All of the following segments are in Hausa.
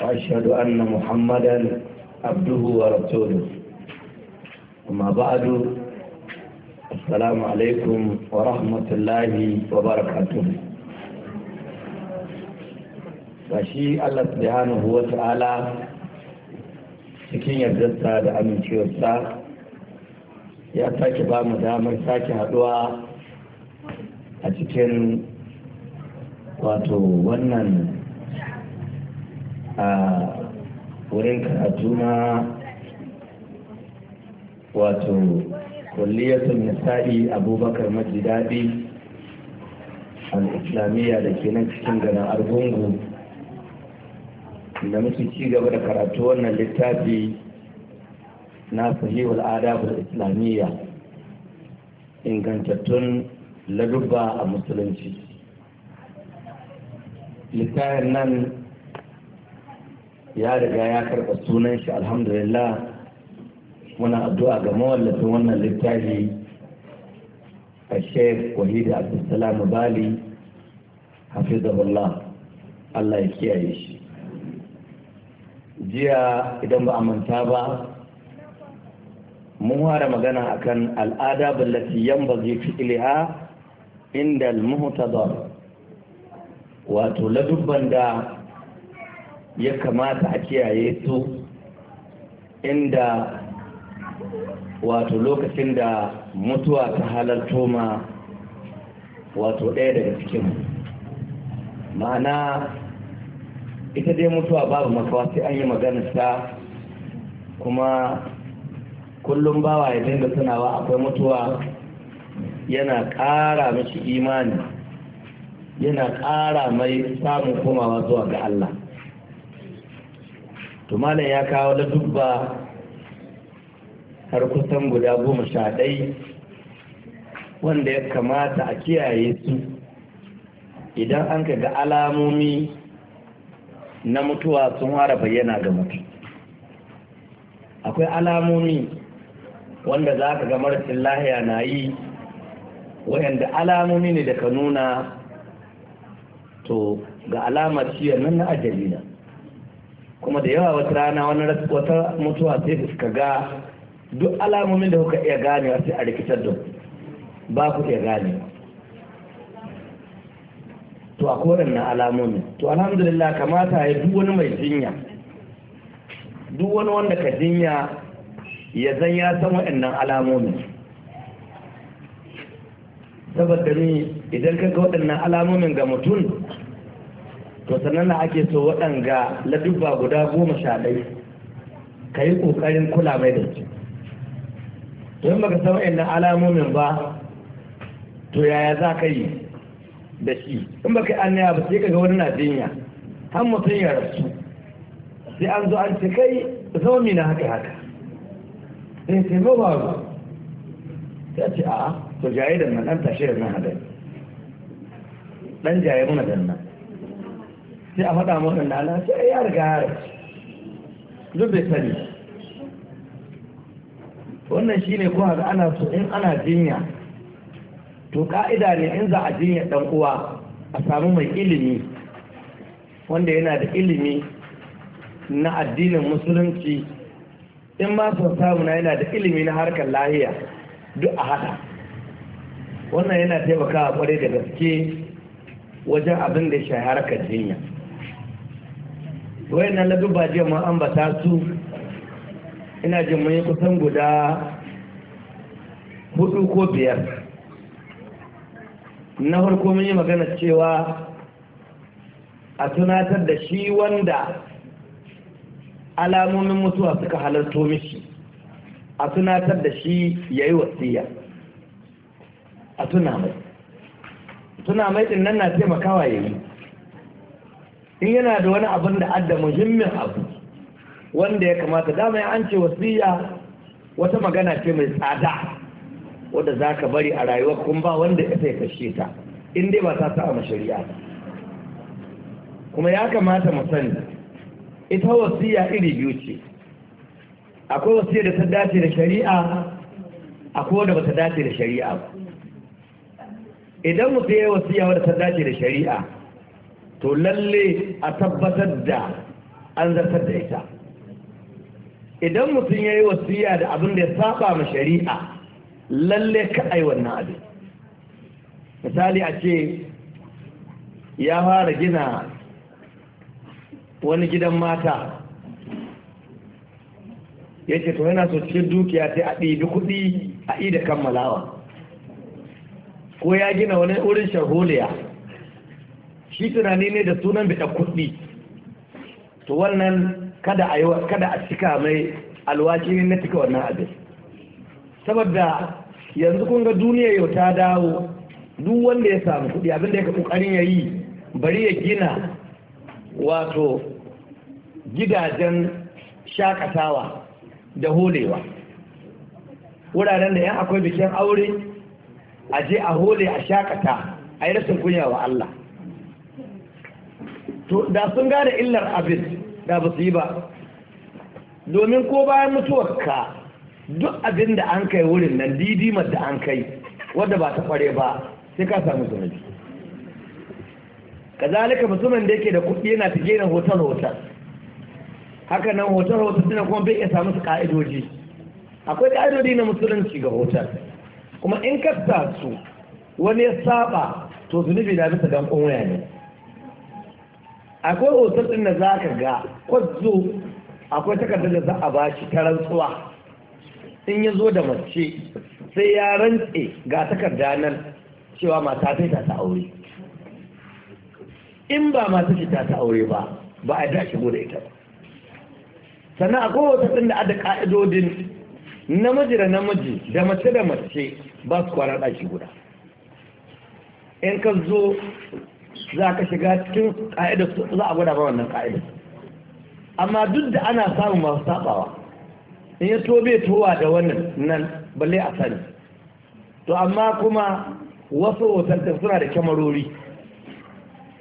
وأشهد أن محمدا عبده ورسوله أما بعد السلام عليكم ورحمة الله وبركاته وشي الله سبحانه وتعالى cikin yardarsa da amincewarsa ya sake ba mu damar sake haduwa a cikin wato wannan a wurin karatu na wato kulliyatun nisa'i abubakar majidadi al-islamiyya da ke nan cikin garin argungu da muke ci gaba da karatu wannan littafi na sahihul adabul islamiyya ingantattun ladubba a musulunci littafin nan ya riga ya karɓa sunan shi alhamdulillah muna addu'a ga mawallafin wannan littafi a sheikh wahidi abdulsalam bali hafizahullah allah ya kiyaye shi jiya idan ba a manta ba mun fara magana akan al'ada ballati yanbaghi fi ilha inda al wato ladubban da ya kamata a kiyaye su inda wato lokacin da mutuwa ta halarto ma wato ɗaya daga cikin ma'ana ita dai mutuwa babu makawa sai an yi maganarsa kuma kullum bawa ya dinga sanawa akwai mutuwa yana ƙara mashi imani yana ƙara mai samun komawa zuwa ga Allah to malam ya kawo da dubba har kusan guda goma sha ɗai wanda ya kamata a kiyaye su idan an ka ga alamomi na mutuwa sun fara bayyana ga mutum akwai alamomi wanda za ka ga marasin lahiya na yi wayanda alamomi ne da ka nuna to ga alamar ciyar nan na ajali kuma da yawa wata rana wata mutuwa sai suka ga duk alamomin da kuka iya gane sai a rikitar da ba ku iya gane to a na alamomin to alhamdulillah kamata ya duk wani mai jinya duk wani wanda ka jinya ya zan ya san waɗannan alamomin saboda ni idan ka ga waɗannan alamomin ga mutum to sannan na ake so waɗanga ladubba guda goma sha ɗai ka yi ƙoƙarin kula mai da su don baka san wa'annan alamomin ba to yaya za ka yi da shi in baka yi annaya ba sai ka ga wani na jinya har mutum ya rasu sai an zo an ce kai zama na haka haka sai sai ba ta ce a to jaye da nan ɗan tashe da nan haɗari. ɗan jaye mana da nan sai a faɗa maka da ala sai ya riga ya rasu duk bai sani wannan shine ko haka ana so in ana jinya to ka'ida ne in za a jinya ɗan uwa a samu mai ilimi wanda yana da ilimi na addinin musulunci in ma son samu na yana da ilimi na harkar lahiya duk a haɗa wannan yana taimakawa kwarai da gaske wajen abin da shi harkar jinya na ladubba jiya ma an ta su ina jin mun yi kusan guda hudu ko biyar na farko mun yi magana cewa a tunatar da shi wanda alamomin mutuwa suka halarto mishi a tunatar da shi ya yi wasiya a tuna mai tuna mai nan na taimakawa ya yi in yana da wani abin da adda muhimmin abu wanda ya kamata dama an ce wasiya wata magana ce mai tsada wadda za ka bari a rayuwa kuma ba wanda ya sai kashe ta in dai ba ta sa'a shari'a kuma ya kamata mu sani ita wasiya iri biyu ce akwai wasiya da ta dace da shari'a akwai wadda ba ta dace da shari'a ba idan mutum ya yi wasiya wadda ta dace da shari'a to lalle a tabbatar da an zartar da ita idan mutum ya yi wasiya da abin da ya saba ma shari'a lalle ka ai wannan abin misali a ce ya fara gina wani gidan mata ya ce to yana so cikin dukiya ta a ɗi kuɗi a da kammalawa ko ya gina wani wurin shahuliya shi tunani ne da sunan bida kuɗi to wannan kada a kada a cika mai alwaci ne na cika wannan abin saboda yanzu kun ga duniya yau ta dawo duk wanda ya samu kuɗi abin da ya kokarin yayi bari ya gina wato gidajen shakatawa da holewa wuraren da yan akwai bikin aure aje a hole a shakata a yi rashin kunya wa Allah to da sun gane illar abin da ba su yi ba domin ko bayan mutuwar ka duk abin da an kai wurin nan didimar da an kai wadda ba ta kware ba sai ka samu zunubi kazalika musulman da yake da kuɗi yana ta gina hotel hotel haka nan hotel hotel suna kuma bai iya samu su ka'idoji akwai ka'idoji na musulunci ga hotel kuma in ka su wani ya saba to zunubi na bisa dankon waya ne akwai otar ɗin da za ka ga kwazo akwai takardar da za a ba shi ta rantsuwa in ya zo da mace sai ya rantse ga takarda nan cewa mata sai ta ta aure in ba mata shi ta aure ba ba a da shigo da ita ba sannan akwai wata ɗin da ada ka'idodin namiji da namiji da mace da mace ba su kwana ɗaki guda in ka zo za ka shiga cikin ka'ida su za a gwada ma wannan ka'ida amma duk da ana samun masu sabawa in ya to towa da wannan nan balle a sani to amma kuma wasu hotantar suna da kyamarori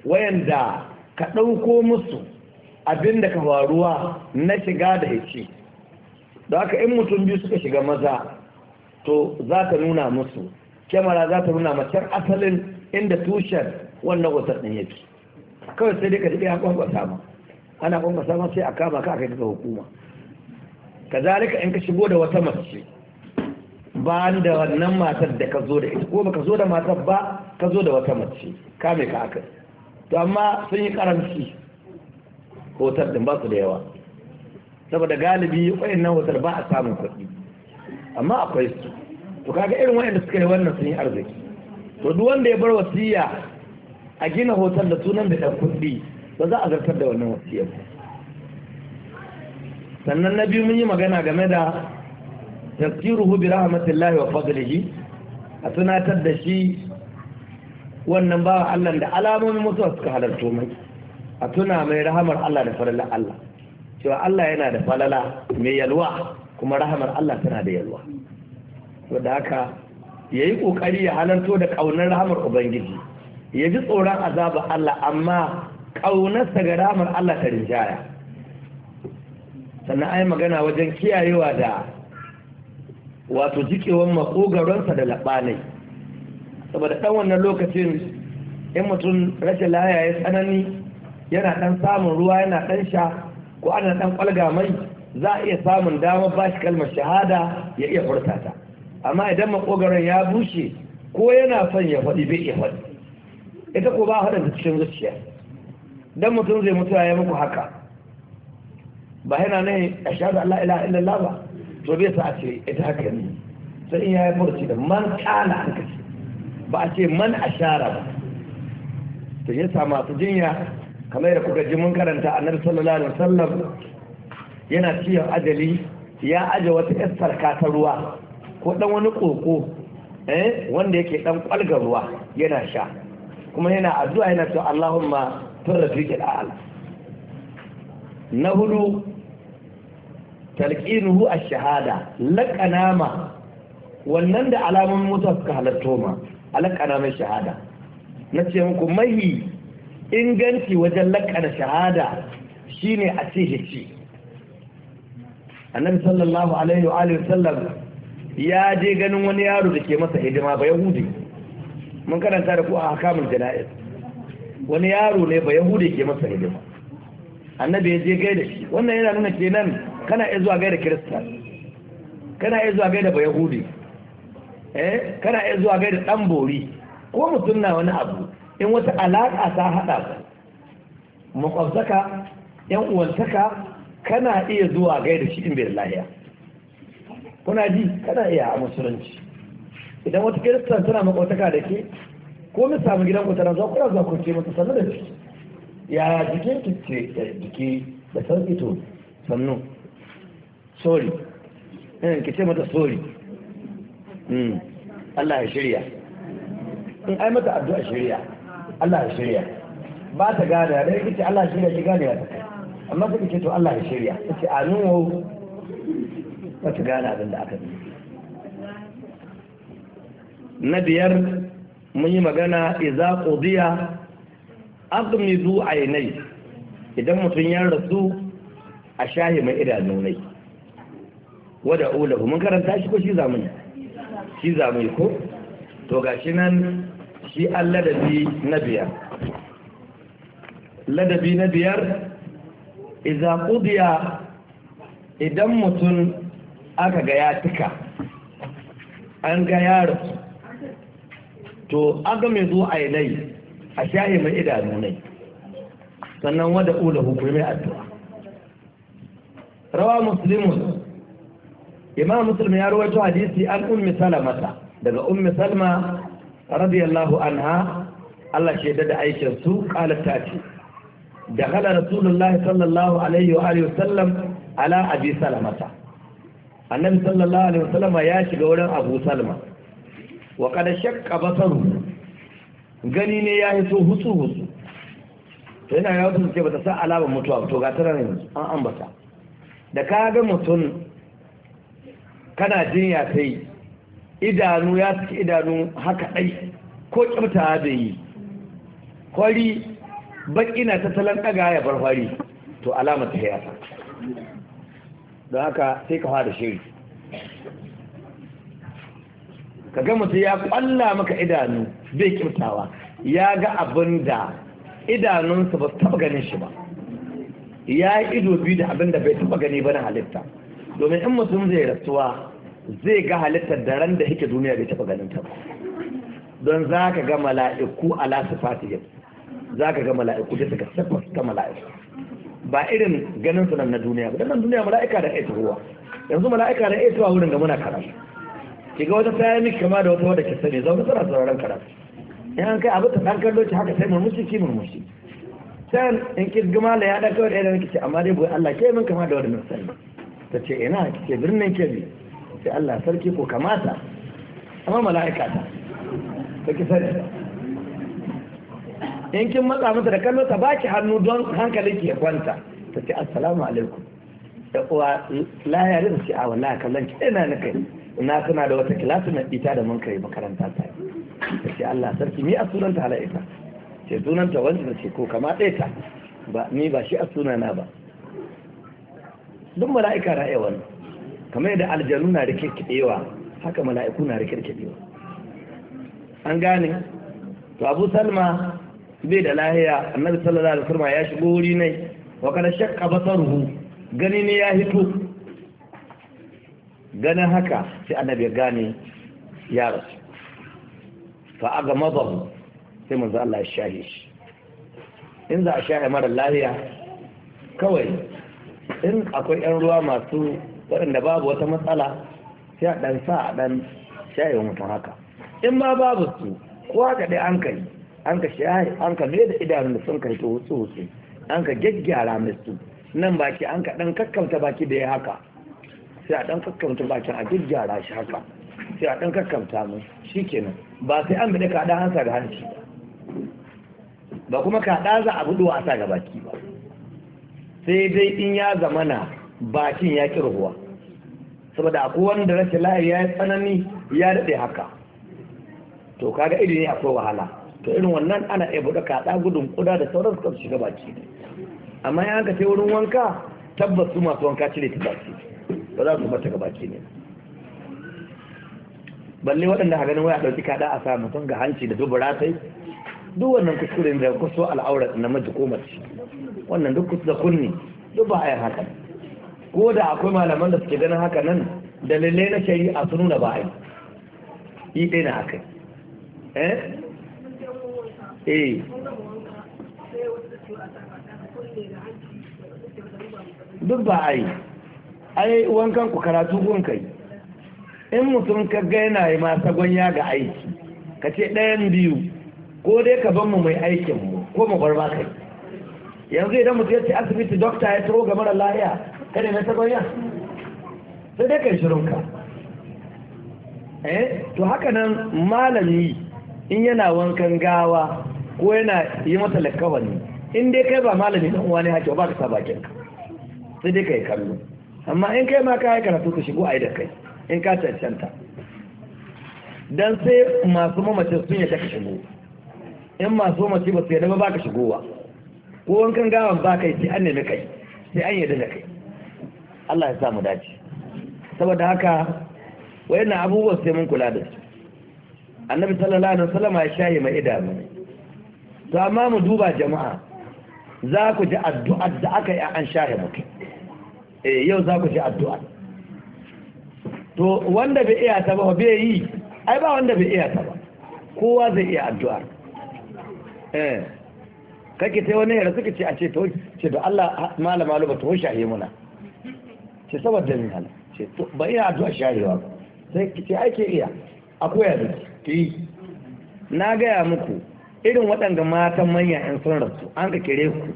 wayanda ka ɗauko musu abin da ka faruwa na shiga da hici da haka in mutum biyu suka shiga maza to za ka nuna musu kyamara za ta nuna macen asalin inda tushen wannan wasar ɗin yake kawai sai dai ka daɗe an kwankwasa ma ana kwankwasa ma sai a kama ka aka daga hukuma ka in ka shigo da wata mace ba da wannan matar da ka zo da ita ko baka zo da matar ba ka zo da wata mace ka mai ka aka to amma sun yi karanci hotar din ba su da yawa saboda galibi nan hotar ba a samun kuɗi amma akwai su to kaga irin wayanda suka yi wannan sun yi arziki to duk wanda ya bar wasiya a gina hotel da sunan da kudi ba za a zartar da wannan wasiyar sannan na biyu mun yi magana game da tafsiruhu bi rahmatillahi wa fadlihi a tunatar da shi wannan ba Allah da alamomin mutuwa suka halarto mai a tuna mai rahamar Allah da falala Allah cewa Allah yana da falala mai yalwa kuma rahamar Allah tana da yalwa wadda haka yi ƙoƙari ya halarto da ƙaunar rahamar ubangiji ya ji tsoron azabar Allah amma ƙaunarsa ga ramar Allah ta rinjaya sannan ai magana wajen kiyayewa da wato jikewar makogaronsa da labanai saboda ɗan wannan lokacin in mutum rashin laya ya tsanani yana ɗan samun ruwa yana ɗan sha ko ana ɗan ƙwalga mai za a iya samun damar ba shi kalmar shahada ya iya furtata amma idan makogaron ya bushe ko yana son ya faɗi bai iya faɗi ita ko ba a da cikin zuciya dan mutum zai mutu ya muku haka ba yana ne a da Allah ila illallah ba to bai sa a ce ita haka ne sai in ya yi furci da man kana an ba a ce man ashara ba to yasa masu jinya kamar da kuka ji mun karanta annabi sallallahu alaihi wasallam yana ciyar ajali ya aje wata iskar ta ruwa ko dan wani koko eh, wanda yake dan kwalgar ruwa yana sha kuma yana addu'a yana cewa Allahumma turrafiqil a'la na hudu talqinuhu ash-shahada laqana ma wannan da alamun mutuwa suka halarto ma alaqana shahada na ce muku mahi inganci wajen laƙana shahada shine a ce hici annabi sallallahu alaihi wa sallam ya je ganin wani yaro da ke masa hidima ba yahudi mun karanta da ku a hakamul jana'iz wani yaro ne ba yahude ke masa hidima annabi ya je gaida shi wannan yana nuna kenan kana iya zuwa gaida kirista kana iya zuwa gaida ba yahudi eh kana iya zuwa gaida dan bori ko mutum na wani abu in wata alaka ta hada ku makwabtaka yan uwantaka kana iya zuwa gaida shi in bai lahiya kuna ji kana iya a musulunci idan wata kiristan tana makwataka da ke ko mu samu gidan ku tana zuwa zakurce mata sannu da ciki ya jikin ki ce jiki da sauki to sannu sorry eh ki ce mata sorry mm Allah ya shirya in ai mata addu'a shirya Allah ya shirya ba ta gane da ce Allah ya shirya ki gane ya ta amma sai ki ce to Allah ya shirya ki ce amin ba ta gane abin da aka yi na biyar mun yi magana iza qudiya aghmidu aynai idan mutum ya rasu a shahi mai idanu nai wada ulahu mun karanta shi ko shi zamani shi zamani ko to gashi nan shi an ladabi na biyar ladabi na biyar iza qudiya idan mutum aka ga ya tuka an ga ya rasu to aga mai zuwa a yanayi a shaye mai idanu ne sannan wada ula hukumai addu'a rawa muslimun imam muslim ya rawaito hadisi an ummi salamata daga ummi salma radiyallahu anha Allah shaida da aikin su qalat ta ce dakhala rasulullah sallallahu alaihi wa alihi wasallam ala abi salamata annabi sallallahu alaihi wasallam ya shiga wurin abu salma wa kada shakka basaru gani ne ya so hutsu hutsu to yana yawon suke ba bata san alamar mutuwa to ga tara ne an ambata da ka ga mutum kana jinya sai idanu ya saki idanu haka dai ko kyauta da yi kwari baki na ta salon daga ya farfari to alamar ta ya don haka sai ka fara shiri ka ga mutum ya kwalla maka idanu bai kimtawa ya ga abin da idanunsa ba su taba ganin shi ba ya yi ido biyu da abin da bai taba gani ba na halitta domin in mutum zai rasuwa zai ga halittar da ran da yake duniya bai taba ganin ta ba don za ka ga mala'iku ala sifatihim za ka ga mala'iku da suka siffar ta mala'iku ba irin ganin su nan na duniya ba nan duniya mala'ika da ita ruwa yanzu mala'ika da ita ruwa wurin ga muna karatu kiga wata ta yi miki kama da wata wadda ke sani zaune tsara sauraron karatu in an kai abu ta ɗan kallo ci haka sai murmushi ki murmushi can in ki gama la ya da kawai ɗaya da nake ce amma dai boye Allah ke min kama da wadda na sani ta ce ina ki ce birnin bi sai Allah sarki ko kamata amma mala'ika ta ta ki sani in kin matsa mata da kallo ta baki hannu don hankalinki ya kwanta ta ce assalamu alaikum da uwa laya da ce a wallahi kallon ki ina na kai ina suna da wata kilasu na ita da mun kai makaranta ta ta ce Allah sarki ni a sunanta hala ita ce sunanta wanda ta ce ko kama ɗaya ta ba ni ba shi a sunana ba duk mala'ika na iya kamar yadda aljanu na rikirkiɗewa haka mala'iku na rikirkiɗewa an gane to abu salma bai da lahiya annabi sallallahu alaihi wasallam ya shigo wuri ne wa kana shakka basaruhu gani ne ya hito ganin haka sai annabi ya gane ya rasu fa aga mazahu sai manzo Allah ya shahi shi in za a shahi mara lahiya kawai in akwai ƴan ruwa masu waɗanda babu wata matsala sai a ɗan sa a ɗan shahe mutum haka in ma babu su kowa ga dai an kai an ka shahe an ka mai da idanun da sun kai ta wasu-wasu an ka gyaggyara mai su nan baki an ka dan kakkamta baki da ya haka sai a dan kakkanta bakin a gyara shi haka sai a dan kakkamta mu shikenan ba sai an bude ka dan hansa da hanci ba kuma ka da za a budo a ga baki ba sai dai in ya zamana bakin ya ki ruwa saboda akwai wanda rashin layi ya tsanani ya dade haka to kaga iri ne akwai wahala to irin wannan ana iya buɗe kaɗa gudun kuda da sauran suka shiga baki ne amma ya aka sai wurin wanka tabbas su masu wanka cire ta baki ba za su mata gabaki ne balle waɗanda haganin waya ɗauki kaɗa a sa mutum ga hanci da dubura sai duk wannan kuskure da kuso al'aurar namiji ko mace wannan duk kusa kunni duk ba a yi haka ko da akwai malaman da suke ganin haka nan dalilai na shari'a sun nuna ba a yi yi ɗaya na haka eh eh duk ba a yi ai wankan ku karatu gun kai in mutum ka ga yana yi ma sagonya ga aiki ka ce ɗayan biyu ko dai ka ban mu mai aikin mu ko mu bar kai yanzu idan mutum ya ce asibiti dokta ya turo ga mara lahiya ne mai gwanya sai dai kai shirin ka eh to haka nan malami in yana wankan gawa ko yana yi mata lakawani in dai kai ba malami dan uwa ne hake ba ka sa bakin ka sai dai yi kallo amma in kai ma ka yi karatu ka shigo a yi da kai in ka cancanta dan sai masu mamacin sun yadda ka shigo in masu mamacin ba su yadda ba ka shigowa ko kan gawan ba kai sai an nemi kai sai an yadda da kai Allah ya sa mu dace saboda haka na abubuwan sai mun kula da su annabi sallallahu alaihi wasallam ya shaye mai idanu to amma mu duba jama'a za ku ji addu'ar da aka yi an shahe mutum Eh, yau za ku ji addu'a to wanda bai iya ta ba bai yi ai ba wanda bai iya ta ba kowa zai iya addu'a eh kake ta wani yara suka ce a ce to ce da Allah malama ba to shahe muna ce saboda min hala ce to ba iya addu'a shahewa ba sai ki ce ake iya akwai yadda ki na gaya muku irin waɗanda matan manya in sun rasu an ka kire ku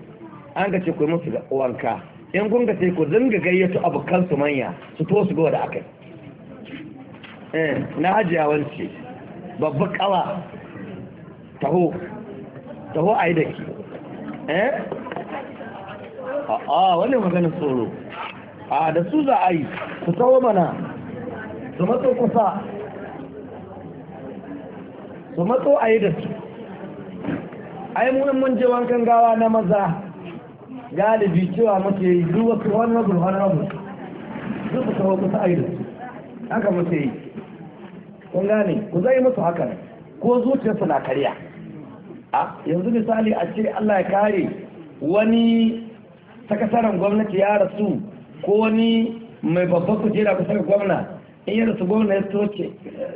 an ka ce ku musu wanka in kun ga sai ku dinga gayyato abokan su manya su to su ga da akai eh na hajiya wance babba kawa taho taho ai da ki eh a a wannan magana tsoro a da su za a yi ku taho mana su matso kusa su matso a yi da su ai mun mun je wankan gawa na maza galibi cewa mace yi duk wasu wani honorable duk su kawo kusa aida haka mace yi kun gane ku zai musu haka ko su na karya a yanzu misali a ce Allah ya kare wani sakataren gwamnati ya rasu ko wani mai babban kujera kusa ga gwamna in yi rasu gwamna ya toce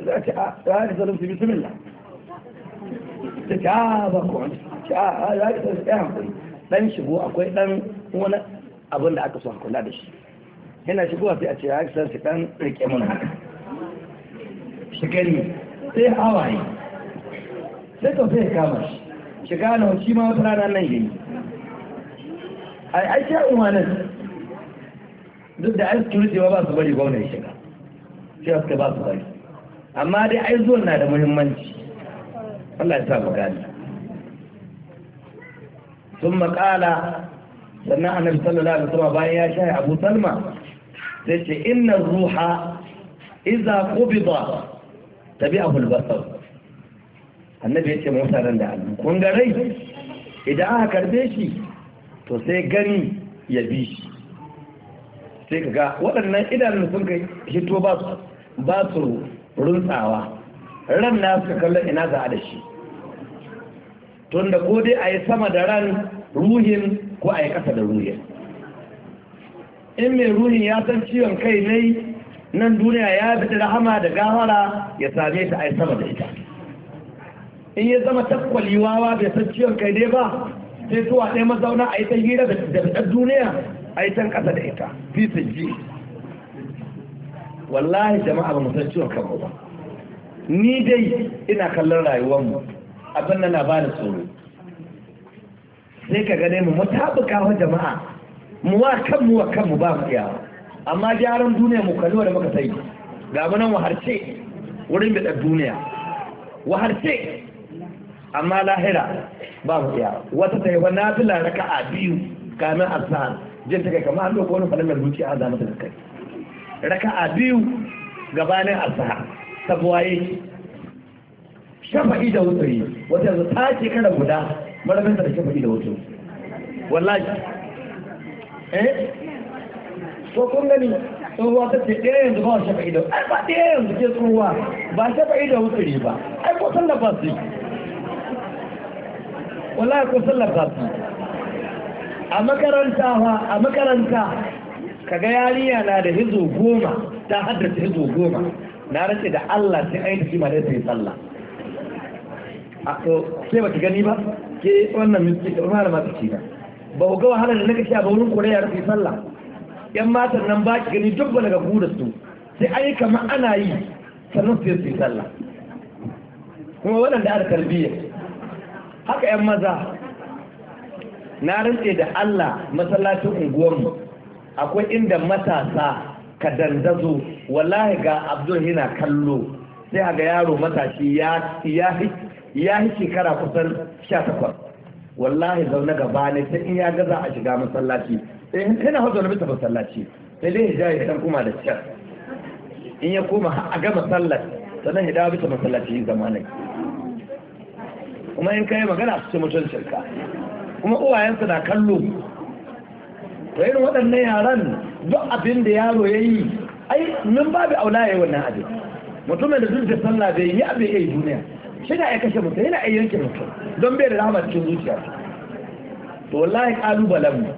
za ce a rari zalim su bismillah ta ce a ba ko wani a rari zalim su ya hankali dan shigo akwai dan wani abin da aka son kula da shi yana shigowa sai a ce ya san shi dan rike mun haka shi gani sai hawaye sai to sai kama shi shiga na shi ma wata rana nan yayi ai ai sai umanan duk da ai security ba su bari gwamnati shiga sai suka ba su bari amma dai ai zuwan na da muhimmanci Allah ya sa mu gani sun makala sannan annabi sallallahu alaihi wasallam bayan ya shaye abu salma sai ce inna ruha iza qubida a abu basar annabi ya ce mutanen da allu kun ga rai idan aka karbe shi to sai gani ya bi shi sai ga waɗannan idanun sun kai hito ba su runtsawa ran na suka kallon ina za'a da shi Tunda ko dai a yi sama da ran ruhin ko a yi ƙasa da ruhin in mai ruhin ya san ciwon kai ne nan duniya ya fi rahama da gahara ya same ta a yi sama da ita in ya zama takwaliwawa bai san ciwon kai ne ba sai zuwa ɗaya mazauna a yi ta hira da ɗan duniya a yi can ƙasa da ita fi ji wallahi jama'a ba mu san ciwon kanmu ba ni dai ina kallon rayuwarmu abin nan na ba da tsoro sai ka gane mu mutabuka wa jama'a mu wa kanmu wa kanmu ba mu iya amma gyaran duniya mu kalli da muka sai ga mu nan waharce wurin bida duniya waharce amma lahira ba mu iya wata ta yi wa nafila raka'a biyu kamin azhar jin ta kai kamar an doko wani falalar zuciya a zama ta kai raka'a biyu gabanin azhar sabuwaye shafa'i da yi wata yanzu ta ce kada guda marabinta da shafa'i da wuce wallahi eh so kun gani tsohuwa ta ce ɗaya eh, yanzu ba shafa'i da wuce ba ɗaya eh, yanzu ke tsohuwa ba shafa'i da yi ba ai ko sallar ba su wallahi ko sallar ba su a makaranta a makaranta kaga yariya na da hizo goma ta haddace hizo goma na race da Allah sai ainihin ma da sai sallah a sai ba ki gani ba ke wannan da umar ma ba ku ga wahalar da nake sha ba wurin kore ya rufe sallah yan matan nan ba ki gani duk ba daga gudu su sai ai kamar ana yi sannan su yi sallah kuma waɗanda aka tarbiyya haka yan maza na rantse da Allah masallacin unguwarmu akwai inda matasa ka dandazo wallahi ga Abdul hina kallo sai ga yaro matashi ya ya ya yi shekara kusan sha takwas wallahi zaune gaba ne sai in ya gaza a shiga masallaci sai eh, yana hau zaune bisa masallaci sai dai hijira ya dan kuma da ciyar in ya koma a gama sallar sannan ya dawo bisa masallaci yin zamanin kuma in kai magana su ce ka kuma uwayensa na kallo to irin waɗannan yaran duk abin da yaro ya yi ai nan babu aula ya yi wannan abin mutumin da zuciya sallah bai yi abin ya yi duniya shi ya kashe mutum yana iya yanke mutum don bai da rahama cikin zuciya to wallahi kalubalen mu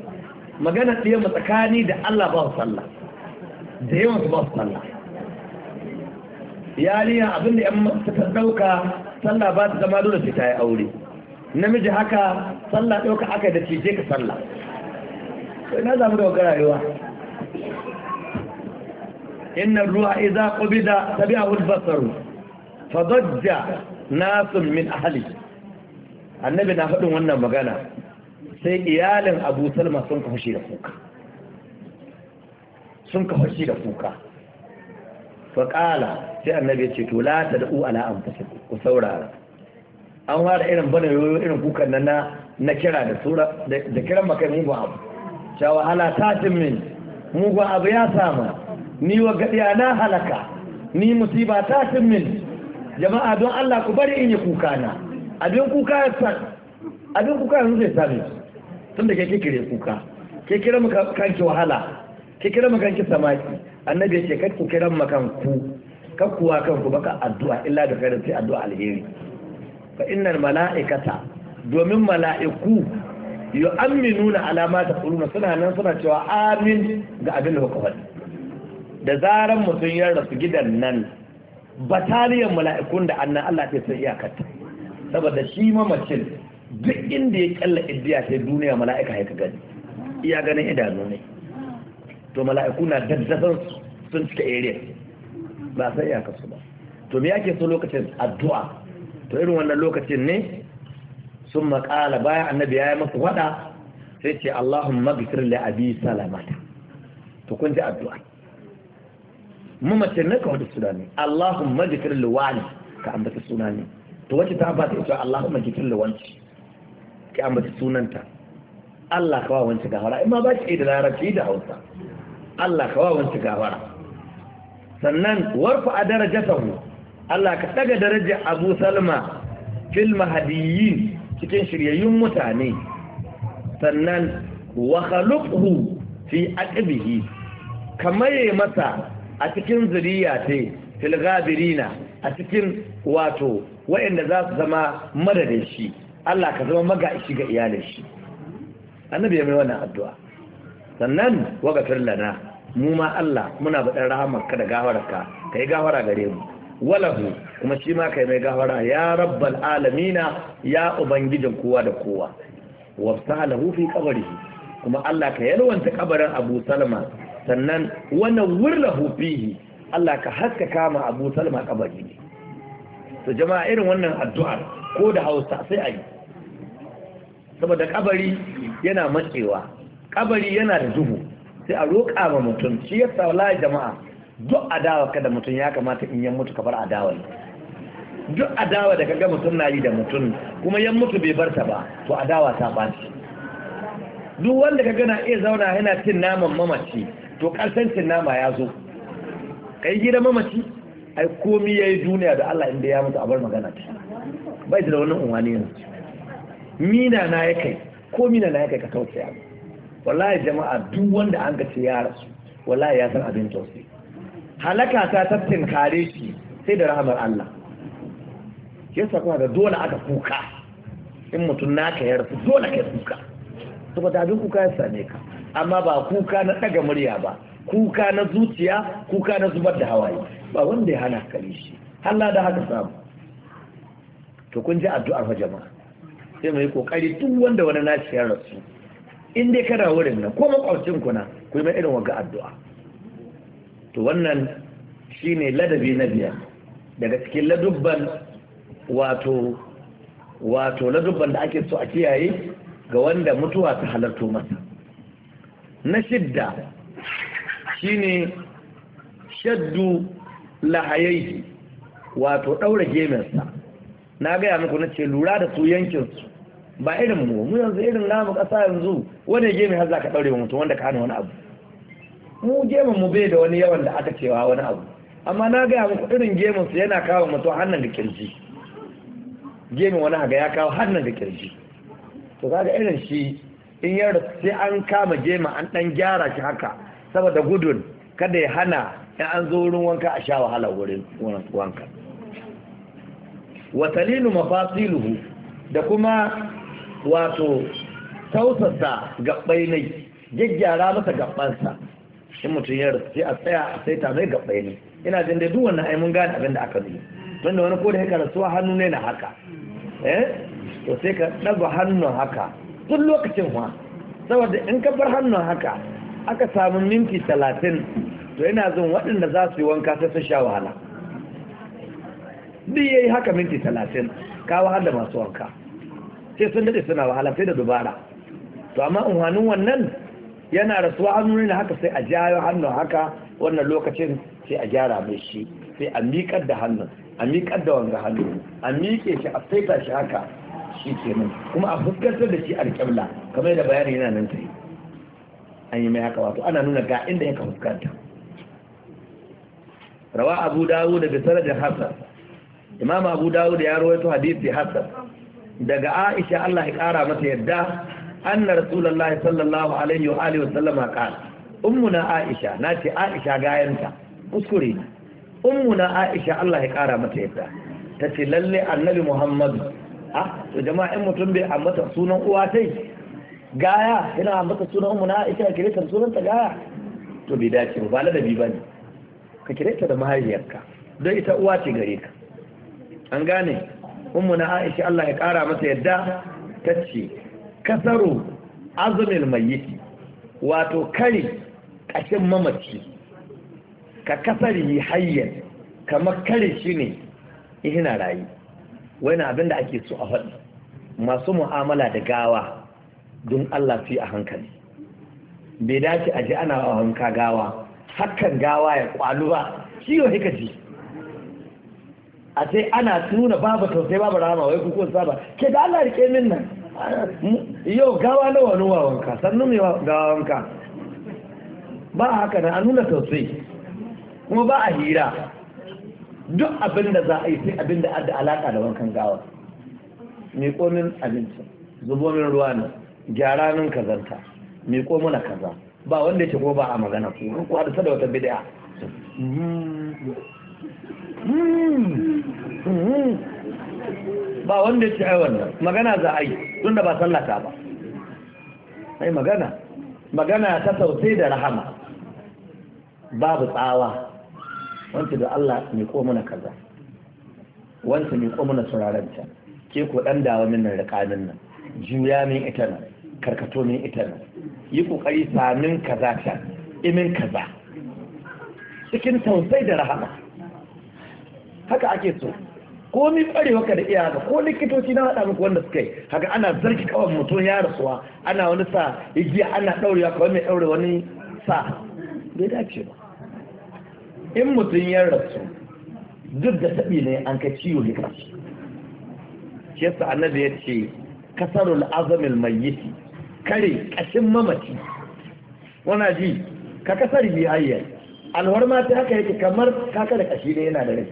magana ɗaya mu tsakani da Allah ba su sallah da yawan su ba su sallah liya abin da yan suka ɗauka sallah ba ta zama dole sai ta yi aure namiji haka sallah ɗauka aka da cije ka sallah sai na zamu da rayuwa inna ruwa idza qubida tabi'ahu al-basaru fadajja nasun min ahali annabi na faɗin wannan magana sai iyalin abu salma sun ka fashe da kuka sun ka fashe da kuka faƙala sai annabi ce to la ta da'u ala an ku saurara an ware irin bana yoyo irin kukan nan na kira da tura da kiran maka mugun abu cewa wahala ta min mugun abu ya sama ni wa gadiya na halaka ni musiba ta min jama'a don Allah ku bari in yi kuka na abin kuka ya abin kuka yanzu zai sami tun da ke kire kuka ke kira mu kanki wahala ke kira mu kanki samaki annabi ya ce kar ku kira mu kanku ka kuwa kanku baka addu'a illa da kai da sai addu'a alheri fa innal mala'ikata domin mala'iku yu'minuna ala ma taquluna suna nan suna cewa amin ga abin da kuka faɗi da zaran mutun ya rasu gidan nan bataliyan mala'ikun da annan Allah ta sai iyakarta saboda shi mamacin duk inda ya kalla iddiya sai duniya mala'ika ya ka gani iya ganin idanu ne to mala'iku na daddasan sun cika area ba sai iyakar su ba to me yake so lokacin addu'a to irin wannan lokacin ne sun makala bayan annabi ya yi masu wada sai ce Allahumma gfir la'abi salamata to kun ji addu'a mamacin ka wata suna ne Allahumma jikin luwani ka ambata suna ne to wacce ta ba ta ita Allahumma jikin luwanci ka ambata sunanta Allah kawa wancan gawara in ma ba ki da larabci da Hausa Allah kawa wancan gawara sannan warfa a darajatahu Allah ka daga daraja Abu Salma fil mahadiyyin cikin shiryayyun mutane sannan wa khaluqhu fi aqbihi kamaye masa a cikin zuriya ce filgabirina a cikin wato waɗanda za su zama madadin shi Allah ka zama magashi ga iyalin shi annabi ya mai wannan addu'a sannan waga lana mu ma Allah muna baɗin ka da gafararka ka yi gawara gare mu walahu kuma shi ma kai mai gawara ya rabbal alamina ya ubangijin kowa da kowa wa lahu fi kabari kuma Allah ka yalwanta kabarin Abu Salma sannan wannan wurla hufihi Allah ka haska kama Abu Salma kabari ne to jama'a irin wannan addu'a ko da Hausa sai a yi saboda kabari yana matsewa kabari yana da duhu sai a roƙa ma mutum shi ya saula jama'a duk adawa ka mutum ya kamata in yan mutu ka bar adawa duk adawa da kaga mutum na yi da mutum kuma yan mutu bai barta ba to adawa ta baci duk wanda ka gana iya zauna yana cin naman mamaci to karsancin nama ya zo kai gida mamaci ai komi ya yi duniya da Allah inda ya mutu a bar magana ta bai da wannan unwani yanzu mina na ya kai ko mina na ya kai ka tausaya wallahi jama'a duk wanda an gace ya rasu wallahi ya san abin tausayi halaka ta tattin kare shi sai da rahamar Allah yasa kuma da dole aka kuka in mutum naka ya rasu dole kai kuka saboda abin kuka ya same ka amma ba kuka na ɗaga murya ba kuka na zuciya kuka na zubar da hawaye ba wanda ya hana kare shi halla da haka samu to kun ji addu'ar fa jama'a sai mai kokari duk wanda wani nashi ya rasu in dai kana wurin nan ko makwabcin ku na ku yi mai irin ga addu'a to wannan shine ladabi na biyar daga cikin ladubban wato wato ladubban da ake so a kiyaye ga wanda mutuwa ta halarto masa na shidda shine shaddu lahayayi wato ɗaura gemensa na gaya muku na ce lura da su yankinsu ba irin mu mu yanzu irin namu ƙasa yanzu wani gemi har za ka ɗaure wa mutum wanda ka hana wani abu mu gemin mu bai da wani yawan da aka cewa wani abu amma na gaya muku irin gemin su yana kawo mutum hannun da kirji gemin wani haga ya kawo hannun da kirji to kaga irin shi in ya rasu sai an kama gema an ɗan gyara shi haka saboda gudun kada ya hana in an zo wurin wanka a sha wahala wurin wanka watalinu mafasiluhu da kuma wato tausasa gabbai ne gyaggyara masa gabbansa in mutum ya rasu sai a tsaya a ta mai gabbai ne ina jin dai duk wannan ai mun gane abin da aka nuna tunda wani ko da ya karasuwa hannu ne na haka eh to sai ka ɗaga hannun haka duk lokacin wa saboda in ka bar hannun haka aka samu minti talatin to yana zan waɗanda za su yi wanka sai su sha wahala Ni ya yi haka minti talatin ka wahala masu wanka sai sun daɗe suna wahala sai da dubara to amma unhanin wannan yana rasuwa hannun haka sai a jayo hannun haka wannan lokacin sai a gyara mai shi sai a miƙar da hannun a miƙar da wanga hannu a miƙe shi a saita shi haka shi kenan kuma a fuskantar da shi alƙibla kamar yadda bayani yana nan sai an yi mai haka wato ana nuna ga inda yaka fuskanta rawa abu dawud da sanadin Hassan. imam abu dawud ya rawaito da Hassan. daga aisha Allah ya kara masa yadda anna rasulullahi sallallahu alaihi wa alihi wasallama qala ummuna aisha nace aisha gayanta kuskure ummuna aisha Allah ya kara mata yadda tace lalle annabi muhammadu a to jama'a in mutum bai ambata sunan uwa sai, gaya yana ambata sunan ummu na ita kiretar sunan ta gaya to bai dace ba ladabi bane ka kireta da mahaifiyarka don ita uwa ce gare ka an gane ummu na Aisha Allah ya kara mata yadda tace kasaru azmil mayyiti wato kari kashin mamaci ka kasari hayyan kamar kare shi ne ina rayu wani abin da ake so a faɗi masu mu'amala da gawa don Allah fi a hankali bai dace a ji ana a hanka gawa hakan gawa ya kwalu ba yau hika ji a sai ana nuna babu tausayi babu rama wai kuko saba ke da Allah rike min nan yau gawa na wani wawanka sannu mai gawa wanka ba haka nan a nuna tausayi kuma ba a hira duk abin da za a yi sai abin da adda alaka da wankan gawa miƙo min abinci zubo min ruwa na gyara min kazanta miƙo mana kaza ba wanda ya ko ba a magana ko ko hadisa da wata bid'a ba wanda ya ce ai wannan magana za a yi tunda ba sallata ba ai magana magana ta sautai da rahama babu tsawa wanda da Allah mai ko mana kaza wanda mai ko mana suraranta ke ko dan dawo min nan rikanin nan juya min ita nan karkato min ita nan yi kokari samin kaza ta imin kaza cikin tausai da rahama haka ake so ko ni kwarewa ka da iya ko likitoci na haɗa muku wanda suka yi haka ana zarki kawai mutum ya rasuwa ana wani sa igiya ana ɗaurewa kawai mai ɗaure wani sa bai dace ba in mutum ya rasu duk da taɓi ne an ka ciwo ya kashi shi yasa annabi ya ce kasarul mai yiti kare kashin mamaci wana ji ka kasar biyayya alwar mata haka yake kamar kaka da kashi ne yana da rai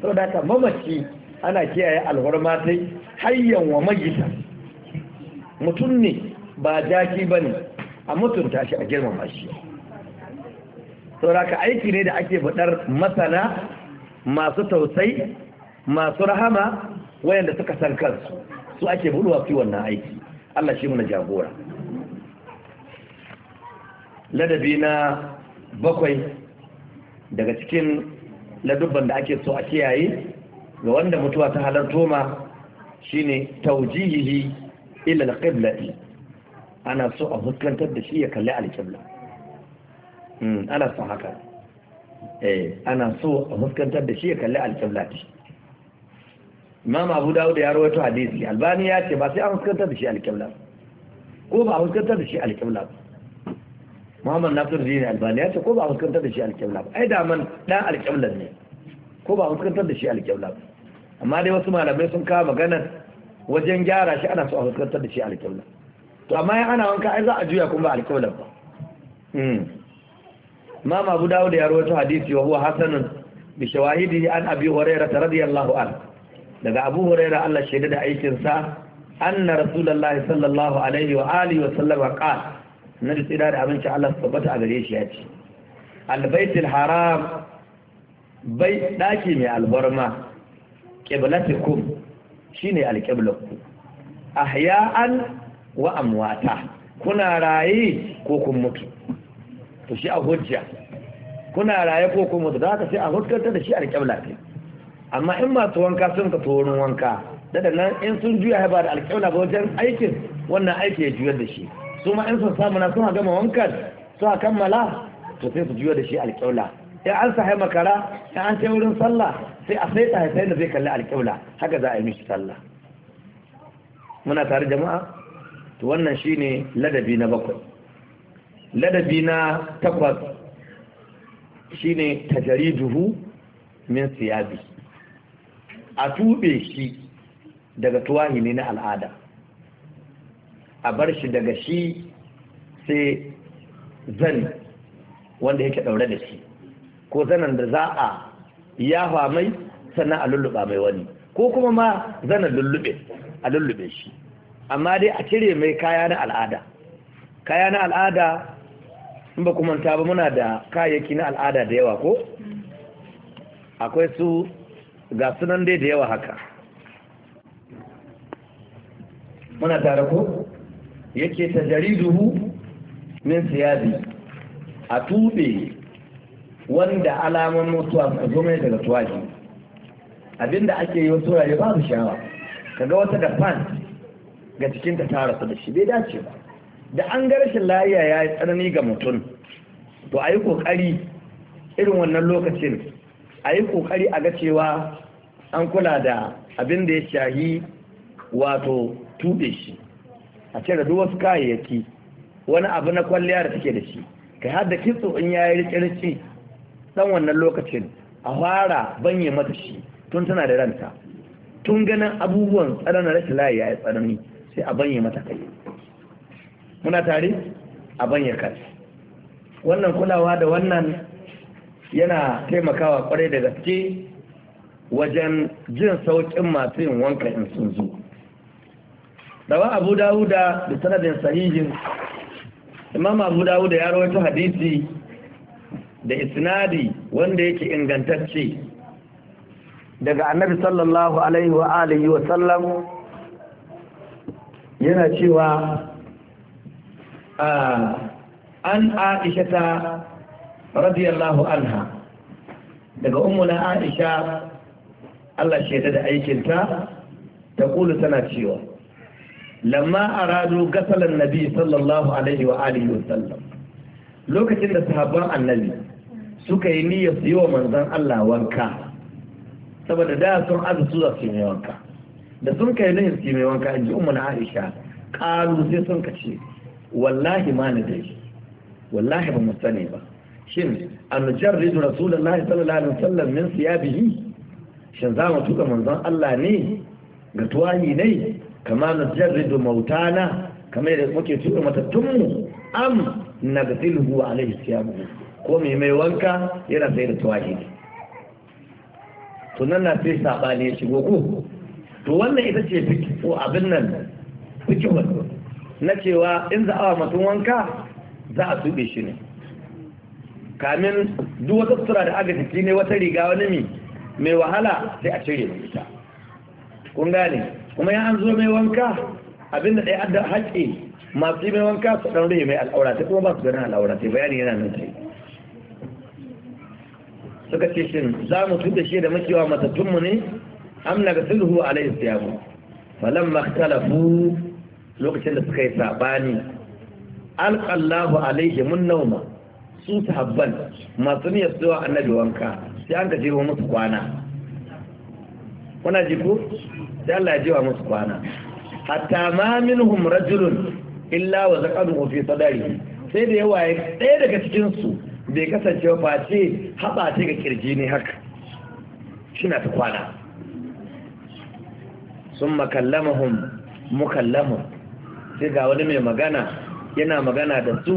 saboda haka mamaci ana kiyaye alwar matai hayyan wa magita mutum ne ba jaki ba ne a mutunta shi a girmama shi sauraka aiki ne da ake faɗar masana masu tausai masu rahama wayanda suka san kansu su ake buɗuwa fi wannan aiki Allah shi muna jagora ladabi na bakwai daga cikin ladubban da ake so a kiyaye ga wanda mutuwa ta halarto ma shine taujihihi ila alqiblati ana so a fuskantar da shi ya kalli alqibla Hmm, ana son haka eh ana so a fuskantar da shi ya kalli alƙibla ce imam abu dawud ya rawaito hadisi albani ya ce ba sai an fuskantar da shi alƙibla ko ba a fuskantar da shi alƙibla ba muhammad nasir dini albani ya ce ko ba a fuskantar da shi alƙibla ba ai da man dan alƙiblan ne ko ba a fuskantar da shi alƙibla ba amma dai wasu malamai sun kawo maganar wajen gyara shi ana so a fuskantar da shi alƙibla to amma ya ana wanka ai za a juya kuma ba alƙiblan ba hmm. imam abu dawud ya rawaito hadisi wa huwa hasanun bi shawahidi an abi hurairah radiyallahu an daga abu hurairah Allah shaida da aikin sa anna rasulullahi sallallahu alaihi wa alihi wa sallam qala nabi tsira da abinci Allah tabbata a gare shi ya ce albaitul haram bai daki mai albarma qiblatukum shine alqiblakum ahya'an wa amwata kuna raye ko kun mutu to shi a hujja kuna raye ko kuma da haka sai a hujjanta da shi alƙibla ce amma in masu wanka sun ka tsoron wanka da nan in sun juya ba da alƙibla ba wajen aikin wannan aiki ya juyar da shi su ma in sun samu na suna gama wankan a kammala to sai su juya da shi alƙibla in an sa makara in an ce wurin sallah sai a sai ta sai da zai kalli alƙibla haka za a yi mishi sallah muna tare jama'a to wannan shine ladabi na bakwai ladabi na takwas shine duhu min siyabi a tube shi daga tuwahi ne na al'ada a bar shi daga shi sai zan wanda yake ɗaure da shi ko zanen da za a yafa mai sannan a lulluɓa mai wani ko kuma ma zanen lullube a lullube shi amma dai a cire mai kaya na al'ada kaya na al'ada in ba kuma ta ba muna da kayayyaki na al'ada da yawa ko akwai su ga sunan dai da yawa haka muna tare ko yake ta jaridu min siyazi a tube wanda alaman mutuwa su zoma daga tuwaji abinda ake yi wasu rayu su shawa kaga wata da fan ga cikin ta tara su da shi bai dace ba da an ga rashin lafiya ya yi tsanani ga mutum to a yi ƙoƙari irin wannan lokacin a yi ƙoƙari a ga cewa an kula da abin da ya shahi wato tuɓe shi a ce da wasu kayayyaki wani abu na kwalliya da take da shi kai har da kitso in ya yi rikirci dan wannan lokacin a fara banye mata shi tun tana da ranta tun ganin abubuwan tsaron rashin lafiya ya yi tsanani sai a banye mata kai muna tare a banyar kashi wannan kulawa da wannan yana taimakawa kwarai da gaske wajen jin sauƙin masu yin wanka in sun zo rawa abu dawuda da sanadin sahihin imam abu dawuda ya rawaito hadisi da isnadi wanda yake ingantacce daga annabi sallallahu alaihi wa alihi wa sallam yana cewa an aisha ta radiyallahu anha daga umuna aisha Allah shaida da aikinta ta kulu tana cewa lamma aradu gasalan nabi sallallahu alaihi wa alihi wa sallam lokacin da sahabban annabi suka yi niyyar su yi wa manzon Allah wanka saboda da sun azu su su yi wanka da sun kai niyyar su yi wanka in ji ummuna aisha kalu sai sun kace wallahi ma ni dai wallahi ba mu sani ba shin an jarridu rasulullahi sallallahu alaihi wasallam min siyabihi shin za mu tuka manzon Allah ne ga tuwani ne kama na jarridu mautana kamar da muke tuka mu am nagtilhu alaihi siyabu ko me mai wanka yana sai da tuwani ne to nan na sai sabani ya shigo ko to wannan ita ce fiki ko abin nan fiki wannan na cewa in za a wa mutum wanka za a tube shi ne kamin duk wata sutura da aga jiki ne wata riga wani mi mai wahala sai a cire mai ita kun gane kuma ya an zo mai wanka abinda ɗaya adda haƙƙi masu mai wanka su ɗan rai mai al'aura ta kuma ba su ganin al'aura ta bayani yana nan sai suka ce shi za mu tuɓe shi da makewa matattunmu ne Amna ga sulhu alaihi salamu falamma khalafu lokacin da suka yi saɓani alqallahu alaihi mun nauma su sahabban masu niyyar zuwa annabi wanka sai an gaje wa musu kwana kuna ji ko sai Allah ya je musu kwana hatta ma minhum rajulun illa wa zaqaduhu fi sadari sai da yawa ɗaya daga cikin su bai kasance ba ce haɓa ce ga kirji ne haka shina ta kwana sun makallamahum mukallahum sai ga wani mai magana yana magana da su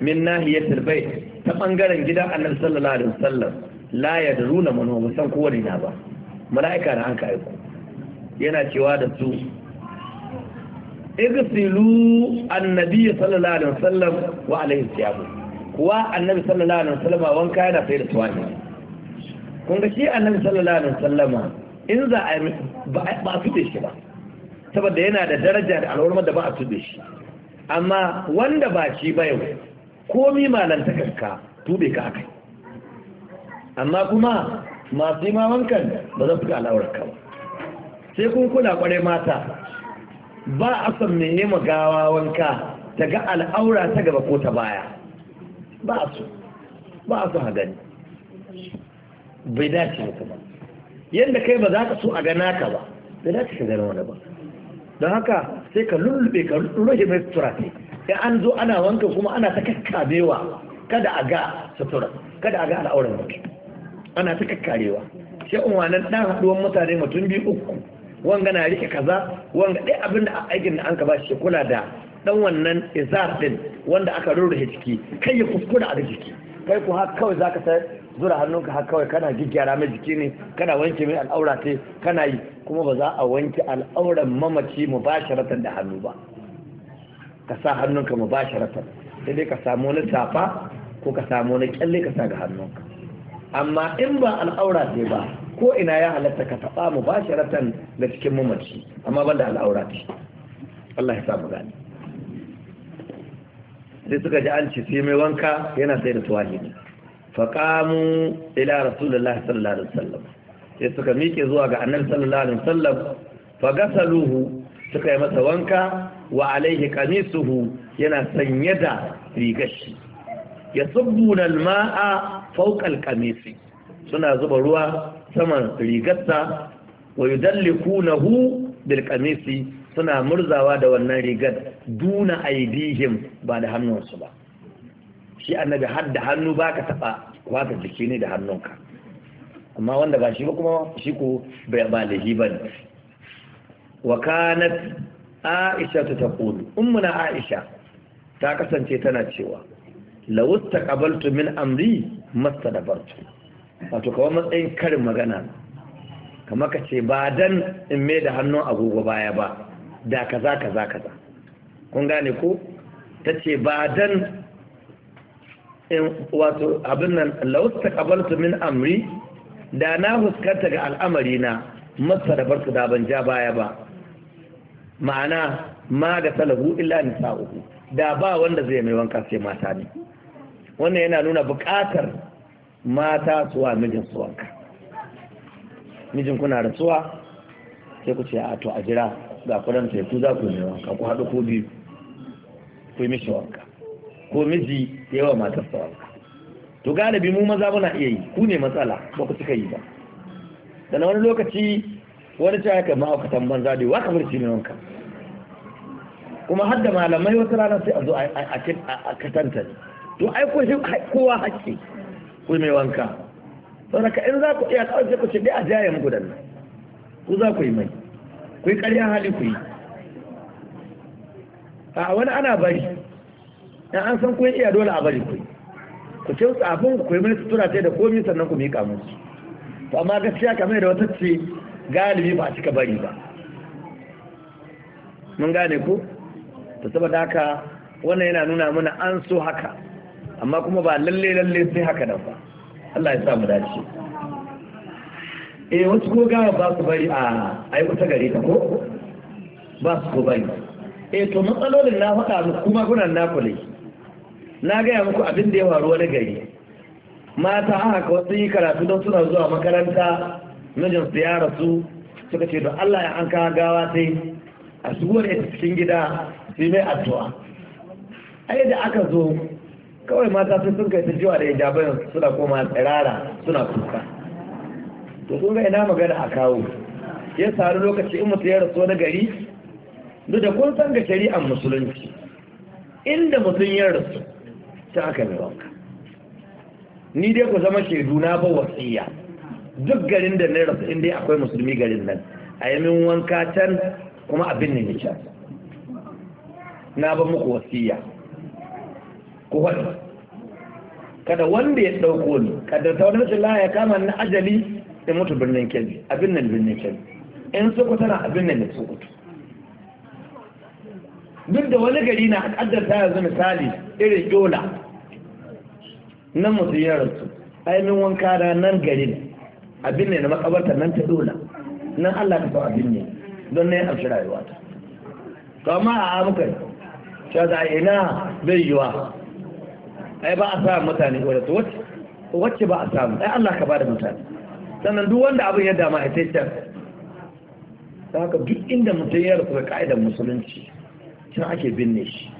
min nahiyar turbai ta bangaren gida annabi sallallahu alaihi wasallam la yadruna da runa san ko wani na ba malaika na hanka aiko yana cewa da su igsilu annabi sallallahu alaihi wasallam wa alaihi siyabu kuwa annabi sallallahu alaihi wasallam wanka yana sai da tuwani kun ga shi annabi sallallahu alaihi wasallam in za a yi ba a fite shi ba saboda yana da daraja da alwarmar da ba a tube shi amma wanda ba shi ba yau komi malantakarka tube ka akai amma kuma masu yi mawankan ba za su ga alawarka ba sai kun kula kwarai mata ba a son mai nema gawa wanka ta ga al'aura ta gaba ko ta baya ba a so ba a so a gani bai dace ba kuma yadda kai ba za ka so a gana ka ba bai dace ka gani wani ba don haka sai ka lullube ka rufe mai sutura ce. ya an zo ana wanka kuma ana ta kakkabewa kada a ga sutura kada a ga al'auran mutum ana ta kakkarewa sai nan dan haduwan mutane mutum biyu uku wanga na rike kaza wanga dai abin da aikin da an ka bashi kula da dan wannan izar din wanda aka rurrufe jiki kai ya kuskura a jiki kai ku har kawai zaka sai zura hannunka har kawai kana gigyara mai jiki ne kana wanke mai al'aura kana yi kuma ba za a wanke al'auran mamaci mu ba da hannu ba ka sa hannunka mu ba sai dai ka samu wani safa ko ka samu wani kyalle ka sa ga hannunka amma in ba al'aura ce ba ko ina ya halatta ka taɓa mu ba sharatan da cikin mamaci amma banda al'aura ce Allah ya sa mu gani sai suka ji an ce sai mai wanka yana sai da tuwahi ne faqamu ila rasulullahi sallallahu alaihi wasallam sai suka miƙe zuwa ga annabi sallallahu alaihi wasallam fa gasaluhu suka yi masa wanka wa alaihi qamisuhu yana sanye da rigar shi yasubbuna alma'a fawqa alqamisi suna zuba ruwa saman rigarsa wa yudallikunahu bil qamisi suna murzawa da wannan rigar duna aidihim ba da hannunsu ba shi annabi hadda hannu baka taba wata jiki ne da hannunka amma wanda ba shi ba kuma shi ko bai ba da shi ne. wa kanat aisha ta taqulu ummuna aisha ta kasance tana cewa law istaqabaltu min amri mastadbartu wato kawai matsayin karin magana kamar ka ce ba dan in mai da hannun agogo baya ba da kaza kaza kaza kun gane ko ta ce ba dan in wato abin nan law istaqabaltu min amri da na fuskanta ga al'amari na masa da barsu da ban ja baya ba ma'ana ma ga salahu illa uku. da ba wanda zai mai wanka sai mata ne wannan yana nuna buƙatar mata suwa mijin su wanka mijin kuna rasuwa sai ku ce a to a jira ga kudan sai ku za ku mai wanka ku haɗu ko biyu ku yi mishi wanka ko miji yawa matarsa wanka to galibi mu maza muna iya yi ku ne matsala ba ku cika yi ba da na wani lokaci wani cewa ka ma'aukatan banza da wa ka furci ne wanka kuma har da malamai wata rana sai a zo a katanta to ai ko shi kowa hakki ku mai wanka saboda ka in za ku iya kawai sai ku ce dai a jaye muku da nan ku za ku yi mai ku yi karya hali ku yi a wani ana bari in an san kun iya dole a bari ku yi ku ce su abin ku yi mini sutura ta da komi sannan ku miƙa musu to amma gaskiya kamar da wata ce galibi ba cika bari ba mun gane ku Ta saboda haka wannan yana nuna mana an so haka amma kuma ba lalle lalle sai haka nan ba Allah ya sa mu dace eh wasu ko gawa ba su bari a ai kuta gare ta ko ba su ko bari eh to matsalolin na faɗa kuma gunan na ne na gaya muku abin da ya faru wani gari mata haka wasu yi karatu don suna zuwa makaranta mijinsu ya rasu suka ce don Allah ya an kawo gawa sai a shigowa ya cikin gida su yi mai addu'a ai da aka zo kawai mata sun sun kai ta jiwa da hijabai suna koma tsirara suna kuka to sun ga na magana a kawo ya saru lokaci in mutu ya rasu wani gari duk da kun san ga shari'ar musulunci inda mutum ya rasu ta aka mai wanka ni dai ku zama shaidu na ba wasiya duk garin da na rasu inda akwai musulmi garin nan a yi min wanka can kuma abin ne nisha na ba muku wasiya ku faɗi kada wanda ya ɗauko ni kada ta wani rashin ya kama na ajali in mutu birnin kebbi abin nan birnin kebbi in sokoto na abin nan da sokoto duk da wani gari na ƙaddar ta yanzu misali irin yola nan mutum ya rasu ainihin wanka na nan garin abin ne na makabarta nan ta dola nan allah ka sau abin ne don na yi amshi rayuwa ta kama a amukai ta da ina bai yiwa ai ba a samun mutane wadda wacce wacce ba a samu ai allah ka ba da mutane sannan duk wanda abin ya dama a sai can ta haka duk inda mutum ya rasu ga ka'idar musulunci can ake binne shi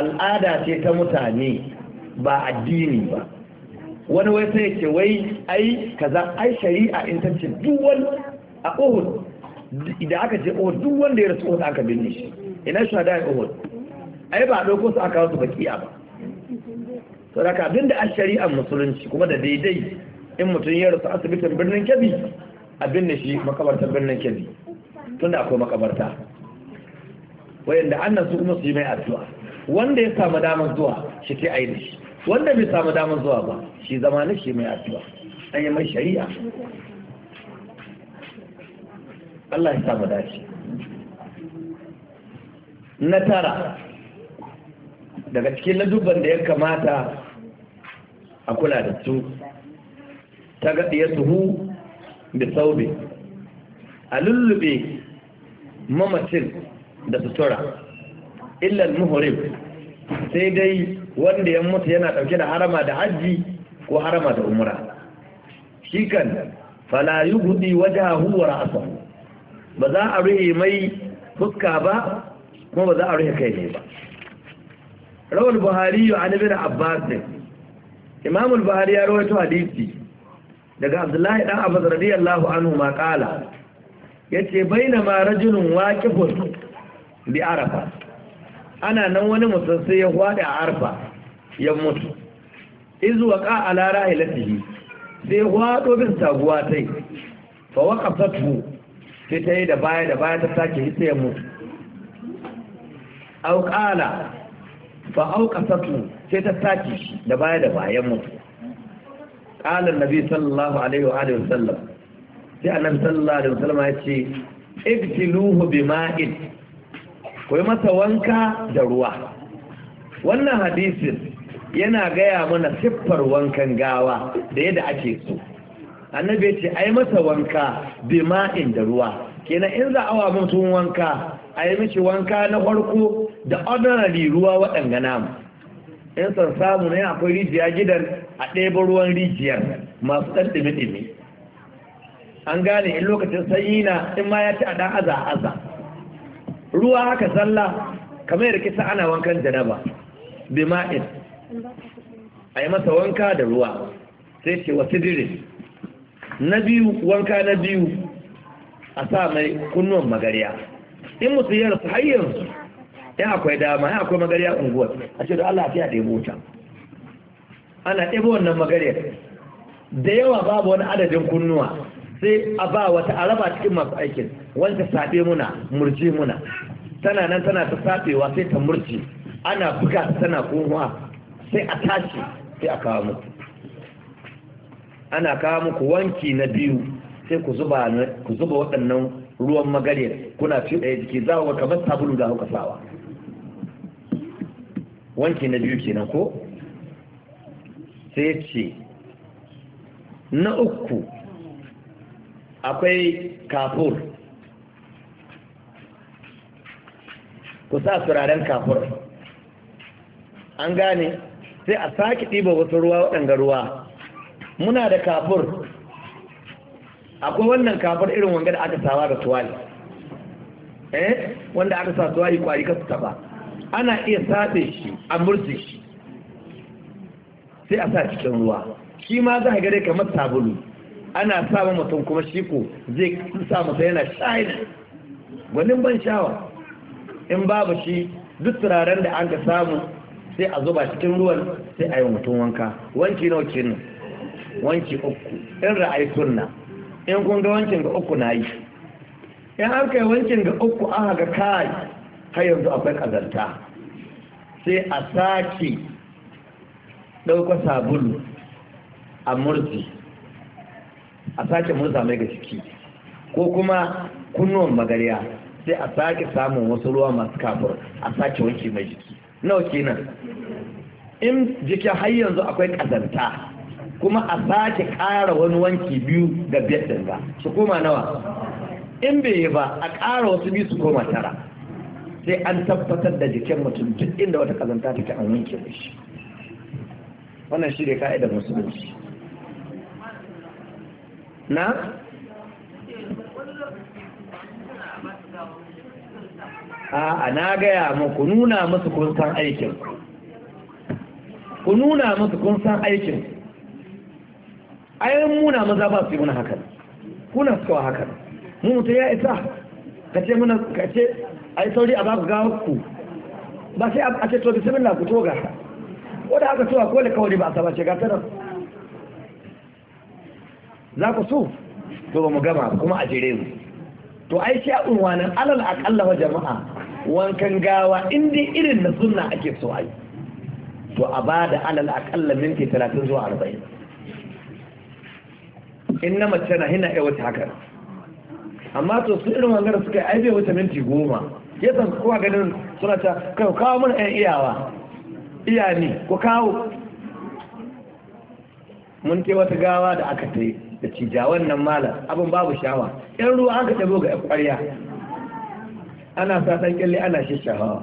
al'ada ce ta mutane ba addini ba wani wai sai ce wai ai kaza ai shari'a in ta duk a Uhud da aka ce Uhud duk wanda ya rasu aka binne shi ina shahada ya Uhud ai ba a dauko su aka wasu bakiya ba to da abin da a musulunci kuma da daidai in mutum ya rasu asibitin birnin Kebbi a binne shi makabartar birnin Kebbi tunda akwai makabarta wayanda annan su kuma su yi mai addu'a wanda ya samu damar zuwa shi ke aini shi wanda bai samu damar zuwa ba shi zama na shi mai addu'a an yi mai shari'a Allah ya samu dace na tara daga cikin ladubban da ya kamata a kula da su ta ya suhu da saube a lullube mamacin da sutura illal muhrim sai dai wanda ya mutu yana dauke da harama da hajji ko harama da umra shi kan fala yughdi wajhahu wa ra'sahu ba za a rihe mai fuska ba kuma ba za a rihe kai ne ba rawal buhari an ibn abbas ne imam al-buhari ya rawaito hadisi daga abdullahi dan abbas radiyallahu anhu ma qala yace bainama rajulun waqifun bi arafa ana nan wani mutum sai ya hwada a arfa ya mutu izuwa ka ala rahilatihi sai hwado bin taguwa tai fa waqafatu sai ta yi da baya da baya ta sake hita ya mutu au qala fa auqafatu sai ta sake shi da baya da baya mutu qala nabi sallallahu alaihi wa alihi wasallam sai annabi sallallahu alaihi wasallam ya ce ibtiluhu bima'id. ku mata masa wanka da ruwa wannan hadisin yana gaya mana siffar wankan gawa da yadda ake so annabi ya ce ai masa wanka bima'in da ruwa kenan in za a wa mutum wanka a yi mishi wanka na farko da ordinary ruwa waɗanga namu in san samu ne akwai rijiya gidan a ɗebo ruwan rijiyar masu ɗan ɗimi-ɗimi an gane in lokacin sanyi na in ma ya ci a ɗan aza aza ruwa haka zalla kamar yadda kisa ana wankan janaba bi ma'in a yi masa wanka da ruwa sai ce wasu dire na biyu wanka na biyu a sa mai kunnuwan magariya in musu yi rasu har yanzu ya akwai dama ya akwai magariya unguwar a ce da Allah da ɗebo ta ana ɗebo wannan magariya da yawa babu wani adadin kunnuwa sai a ba wata araba cikin masu aikin wanda sabe muna murje muna tana nan tana ta saɓewa sai ta murje ana buga ta tana kowa sai a tashi sai a kawo muku ana kawo muku wanki na biyu sai ku zuba waɗannan ruwan magare kuna fi ɗaya jiki za ku kamar sabulu da kuka sawa wanki na biyu kenan ko sai ce na uku akwai kafur ku sa turaren kafur an gane sai a sake ɗiba wasu ruwa waɗanga ruwa muna da kafur akwai wannan kafur irin wanga da aka sawa da tuwali eh wanda aka sa tuwali kwari kasu taba ana iya sabe shi a murci shi sai a sa cikin ruwa shi ma za a gare kamar sabulu ana sa mutum kuma shi ko zai sa mutum yana shayin gwanin ban shawar in babu shi duk turaren da an ka samu sai a zuba cikin ruwan sai a yi mutum wanka wanki nawa kenan wanki uku in ra'ayi sunna in kun ga wankin ga uku na yi in har kai wankin ga uku an ga kai har yanzu akwai kazanta sai a sake ɗauka sabulu a murzi a sake murza mai ga ciki ko kuma kunnuwan magariya sai a sake samun wasu ruwa masu kafur a sake wanke mai jiki nawa kenan in jikin har yanzu akwai kazanta kuma a sake ƙara wani wanki biyu da biyar ɗin ba su koma nawa in bai yi ba a ƙara wasu biyu su koma tara sai an tabbatar da jikin mutum duk inda wata kazanta take an wanke shi wannan shi ne ka'idar musulunci na a'a na gaya muku nuna musu kun san aikin ku nuna musu kun san aikin ayin muna maza ba su yi muna hakan kuna su kawo hakan mu mutum ya isa ka ce muna ka ce a yi sauri a ba ku gawa ku ba sai a ce to bismillah ku toga ko da aka cewa kole kawai ba a saba ce gata nan za ku so to ba mu gama kuma a jere mu to ai shi a unwanin alal akalla wa jama'a wankan gawa in dai irin na sunna ake so ai to a ba da alal akalla minti talatin zuwa arba'in in na mace na hina ya wuce haka amma to su irin wangar suka yi ai bai wuce minti goma ya san kowa ganin suna ta kai kawo mana yan iyawa iya ni ku kawo mun ke wata gawa da aka ta yi da cija wannan malam abin babu shawa yan ruwa an ka tabo ga ƙwarya ana sa ɗan kyalle ana shishawa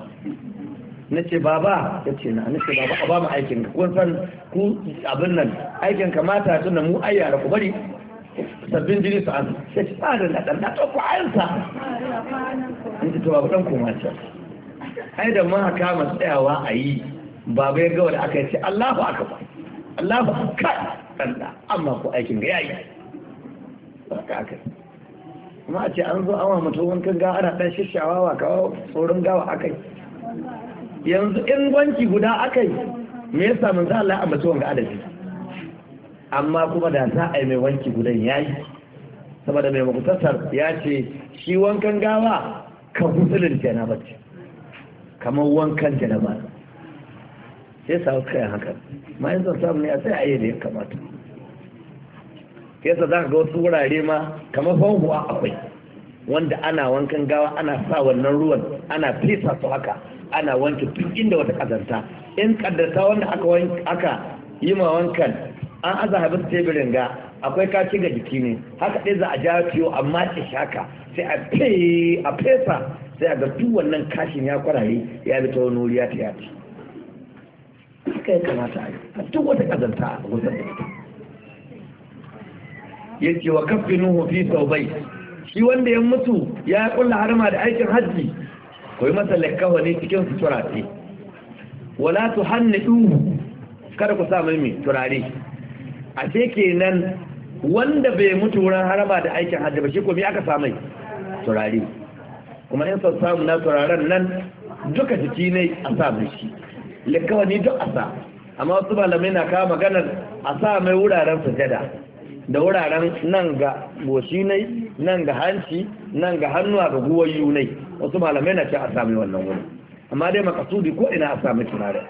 na ce baba ya ce na na ce baba a ba mu aikin ka kun san ku abin nan aikin ka mata suna mu ai ku bari sabbin jini su an ya ce ba da ɗan na ɗauko ayyarsa in ji tuwa baba ɗan kuma can ai da ma kama tsayawa a yi baba ya ga wanda aka yi ce Allahu akbar Allahu ka Allah amma ku aikin ga yayi haka haka kuma a ce an zo an wa mutum wankan gawa ana dan shishawa wa kawo tsoron gawa akai yanzu in wanki guda akai me yasa mun za Allah ambaci wanga adadi amma kuma da za a yi mai wanki gudan yayi saboda mai makutasar ya ce shi wankan gawa ka gusulin jana ce kamar wankan janaba sai sa kayan haka ma yin samu ne a sai a yi da ya kamata Kesa za ka ga wasu wurare ma kamar fahimuwa akwai wanda ana wankan gawa ana sa wannan ruwan ana fesa su haka ana wanke duk inda wata kazanta in kaddata wanda aka aka yi ma wankan an aza habis teburin ga akwai kaci ga jiki ne haka ɗaya za a ja ciwo amma ta shaka sai a a fesa sai a ga duk wannan kashin ya kwarare ya bi ta wani wuri ya ta yaci suka yi kamata a yi a duk wata kazanta a gusar da ita ya ce wa kafin nuhu fi sau bai shi wanda ya mutu ya kulla harma da aikin hajji yi masa lakawa ne cikin su turare wala tu hannu duhu kada ku sa mai turare a ce kenan wanda bai mutu wurin harama da aikin hajji ba shi kuma aka samai turare kuma in son samu na turaren nan duka jiki ne a sa mai shi ni duk asa amma wasu malamai na kawo maganar a sa mai wuraren sujada da wuraren nan ga goshi nai nan ga hanci nan ga hannuwa ga guwayu nai wasu malamai na ce a mai wannan wuri amma dai makasudi ko ina a mai tunare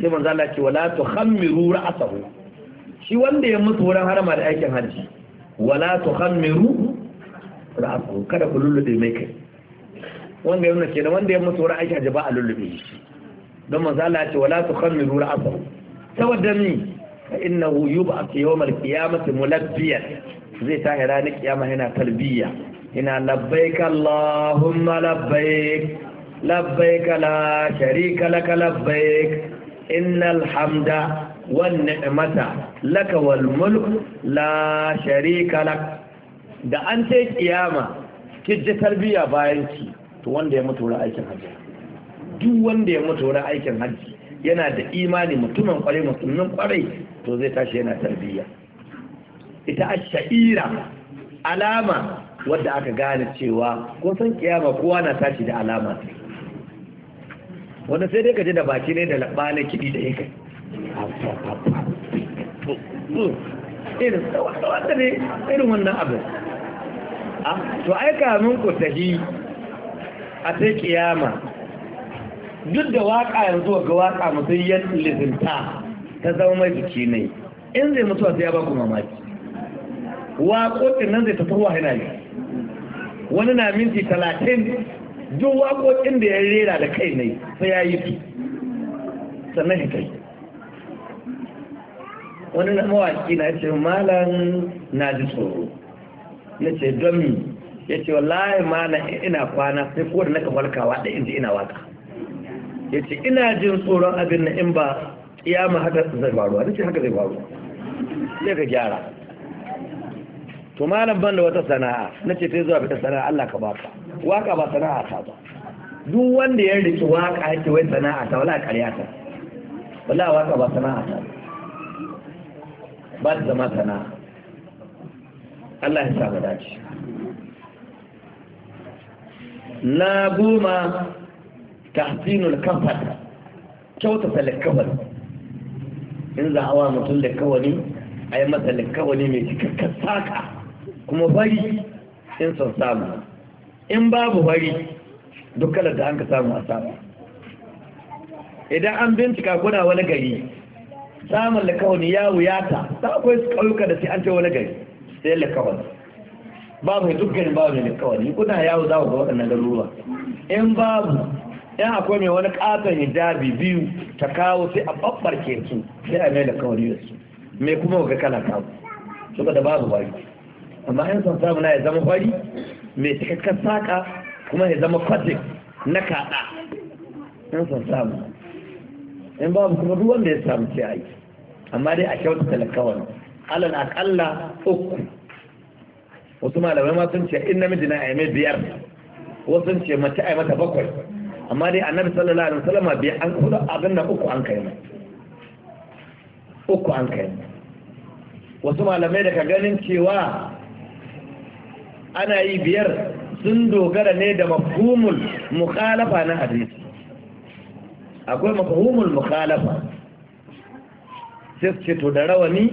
sai manzo Allah ce wala tukhammiru ra'sahu shi wanda ya mutu wurin harama da aikin hanci wala tukhammiru ra'sahu kada ku lullube mai kai wanda ya nuna kenan wanda ya mutu wurin aikin hajji ba a lullube shi don manzo Allah ya ce wala tukhammiru ra'sahu saboda ni fa innahu yub'ath yawm al-qiyamati mulabbiyan zai tahi ranar kiyama yana talbiya ina labbaik allahumma labbaik labbaik la sharika laka labbaik innal hamda wan ni'mata laka wal mulk la sharika lak da an ce kiyama ki ji talbiya bayan ki to wanda ya mutu wurin aikin hajji duk wanda ya mutu wurin aikin hajji yana da imani mutumin kwarai musulmin kwarai to zai tashi yana tarbiyya ita a sha'ira alama wadda aka gane cewa ko san kiyama kowa na tashi da alama wanda sai dai ka ji da baki ne da labana kidi da yake irin wannan abin ah, to aika min ku tahi a sai kiyama duk da waka yanzu ga waka mutum ya lizinta ta zama mai jiki ne in zai mutuwa sai ya ba ku mamaki waƙoƙin nan zai tafi ruwa ne. wani na minti talatin duk waƙoƙin da ya rera da kai ne sai ya yi su sannan ya kai wani na mawaƙi na ce malam na ji tsoro na ce don ya ce wallahi ma na ina kwana sai kowar na kafarkawa da inji ina waka ya ce ina jin tsoron abin na in ba kiyama haka zai faruwa na ce haka zai faru sai ka gyara to malam ban da wata sana'a na ce zuwa fita sana'a Allah ka baka waka ba sana'a ta ba duk wanda ya riki waka yake wai sana'a ta wala ƙarya ta wala waka ba sana'a ta ba ta zama sana'a Allah ya sa mu dace na goma fata kyauta kyautata likawar in za a wa mutum likawani a yi masa likawani mai cikakken saka kuma bari in son samu in babu bari dukkanar da an ka samu a samu idan an bincika guda wani gari samun likawani ya wuyata ta akwai su ƙauyuka da sai an ce wani gari sai likawani babu dukkanin babu likawani kuna yawo za ku ga waɗannan garuruwa in babu yan akwai mai wani katon hijabi biyu ta kawo sai a babbar su sai a mai da kawari da su mai kuma ga kala kawo suka da babu bari amma yan son samuna na ya zama bari mai cikakken saka kuma ya zama kwatin na kaɗa yan son samu in babu kuma duk wanda ya samu sai a yi amma dai a kyauta talakawan alal akalla uku wasu malamai ma sun ce in namiji na a yi mai biyar wasu sun ce mace a yi mata bakwai amma dai annabi sallallahu alaihi wasallam bai an kudu abin da uku an kai mai uku an kai wasu malamai daga ganin cewa ana yi biyar sun dogara ne da mafhumul mukhalafa na hadisi akwai mafhumul mukhalafa sai ce to da rawani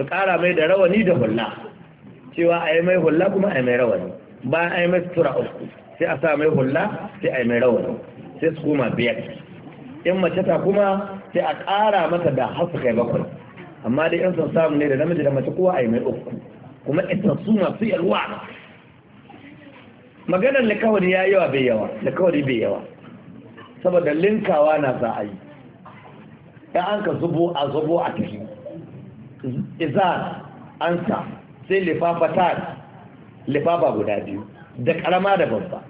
su kara mai da rawani da hulla cewa a yi mai hulla kuma a yi mai rawani ba a yi mai sutura uku sai a sa mai hula, sai a yi mai rawar sai su koma biyar in mace ta kuma sai a ƙara mata da har su kai bakwai amma dai yan son samu ne da namiji da mace kowa a yi mai uku kuma ita su masu yalwa maganar likawari ya yawa bai yawa likawari bai yawa saboda linkawa na za a yi ya an ka zubo a zubo a tafi izar sa sai lifafa tar lifafa guda biyu da karama da babba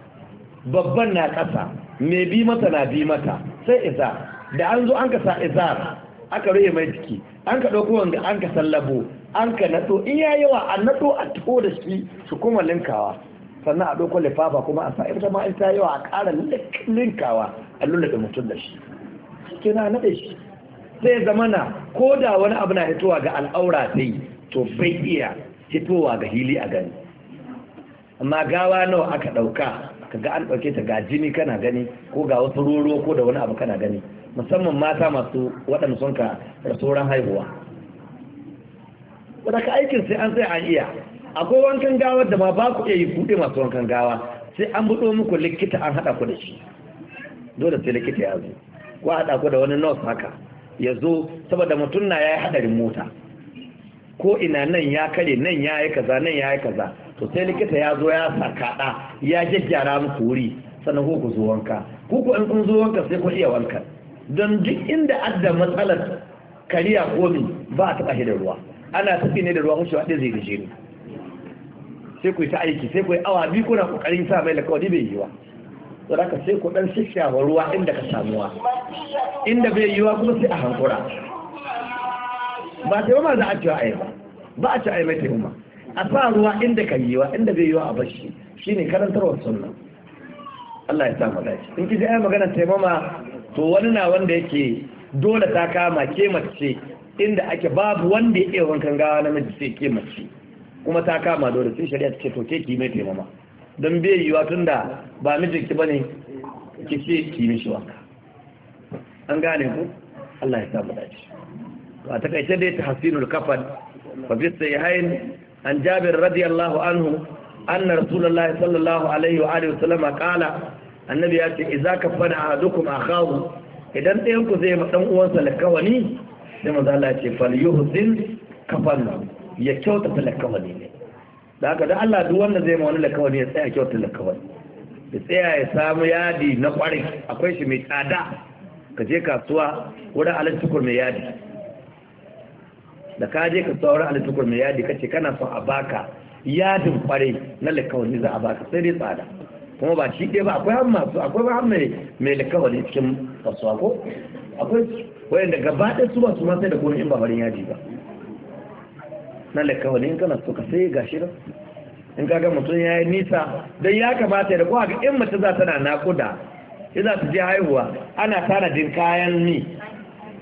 babban na ƙasa mai bi mata na bi mata sai iza da an zo an ka sa iza aka rage mai ciki an ka ɗauko wanda an ka sallabo an ka nato in ya yawa an nato a taho da shi su kuma linkawa sannan a ɗauko lifafa kuma a sa ita ma ita yawa a ƙara linkawa a lullube mutum da shi ke na naɗe shi sai zamana ko da wani abu na hitowa ga al'aura sai to bai iya hitowa ga hili a gani amma gawa nawa aka ɗauka ka ga an ɗauke ta ga jini kana gani ko ga wasu roro ko da wani abu kana gani musamman mata masu waɗanda sun ka rasoran haihuwa wadda aikin sai an sai an iya akwai wankan gawa da ma ba ku iya yi buɗe masu wankan gawa sai an buɗo muku likita an haɗa ku da shi dole sai likita ya zo ko haɗa ku da wani nurse haka ya zo saboda mutum na ya yi haɗarin mota ko ina nan ya kare nan ya yi kaza nan ya yi kaza to sai likita ya zo ya sakaɗa ya gyaggyara muku wuri sannan ko ku zo wanka ko ku in kun zo wanka sai ku iya wanka don duk inda adda matsalar kariya ko ba a taɓa shi da ruwa ana tafi ne da ruwa mushi wadda zai gaje ni sai ku yi ta aiki sai ku yi awa biyu kuna kokarin sa mai ni bai yiwa to haka sai ku dan shishawa ruwa inda ka samuwa inda bai yiwa kuma sai a hankura ba sai ba ma za a ci ai ba ba a ci yi mai taimaka a sa ruwa inda kan wa, inda bai wa a bashi ne karantarwar sunna Allah ya sa mu dace in kiji ai magana taimama to wani na wanda yake dole ta kama ke mace inda ake babu wanda ya iya wankan gawa namiji sai ke mace kuma ta kama dole sai shari'a ta ce to ke kime mai taimama don bai wa tunda ba mijinki bane ki ce ki mishi wanka an gane ku Allah ya samu dace a takaice dai tahsinul kafan fa bisa hain. an jabir radiyallahu anhu anna sallallahu alaihi wa alihi wasallam annabi ya ce idza kafana a akahu idan ɗayan ku zai ma dan uwansa lakawani sai manzo Allah ya ce falyuhsin ya kyautata lakawani ne da haka da Allah duk wanda zai ma wani lakawani ya tsaya kyautata lakawani ya tsaya ya samu yadi na kwarai akwai shi mai tsada ka je kasuwa wurin alaji mai yadi da ka je ka saura alitukur mai yadi kace kana son a baka yadin kwarai na likawali za a baka sai dai tsada kuma ba shi ɗaya ba akwai har masu akwai ba har mai likawali cikin kasuwa ko akwai wayanda gaba ɗaya su ba su ma sai da komai in ba farin yaji ba na likawali in kana so ka sai gashi nan in ka ga mutum ya yi nisa don ya kamata ya rabuwa ga in mace za tana nakuda in za ta je haihuwa ana tanadin kayan ni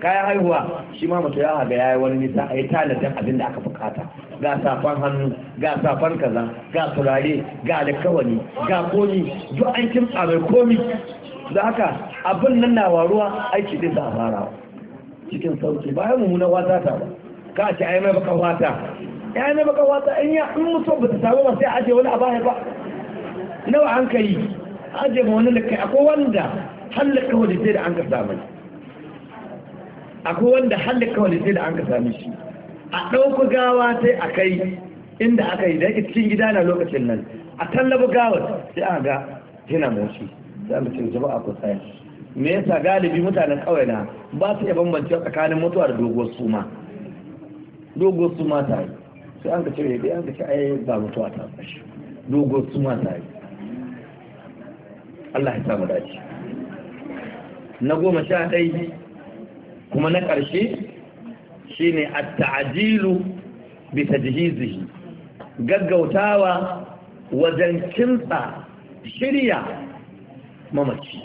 kayan haihuwa shi ma mutu ya haga yi wani nisa a yi tanadin abin da aka bukata ga safan hannu ga safan kaza ga turare ga alkawari ga komi duk an kimtsa komi da haka abin nan na waruwa aiki din za a fara cikin sauki bayan na wata ta ba ka ce ai mai baka wata ya mai baka wata in ya in mutu ba ta samu ba sai aje wani a baya ba nawa an kai aje ma wani da kai akwai wanda hallaka wajen da an ka samu akwai wanda halin kawai sai da an ka sami shi a ɗauku gawa sai a kai inda aka yi da cikin gida na lokacin nan a tallaba gawar sai an ga yana motsi sai an cikin jama'a ko tsaya me yasa galibi mutanen kawai na ba su iya bambance tsakanin mutuwa da doguwar suma doguwar suma ta yi sai an ka ce ya an ka ce ai ba mutuwa ta fashi doguwar suma ta yi Allah ya samu dace na goma sha ɗaya kuma na ƙarshe shi shine a tajilu bisa jihizihi gaggautawa wajen kinsa shirya mamaci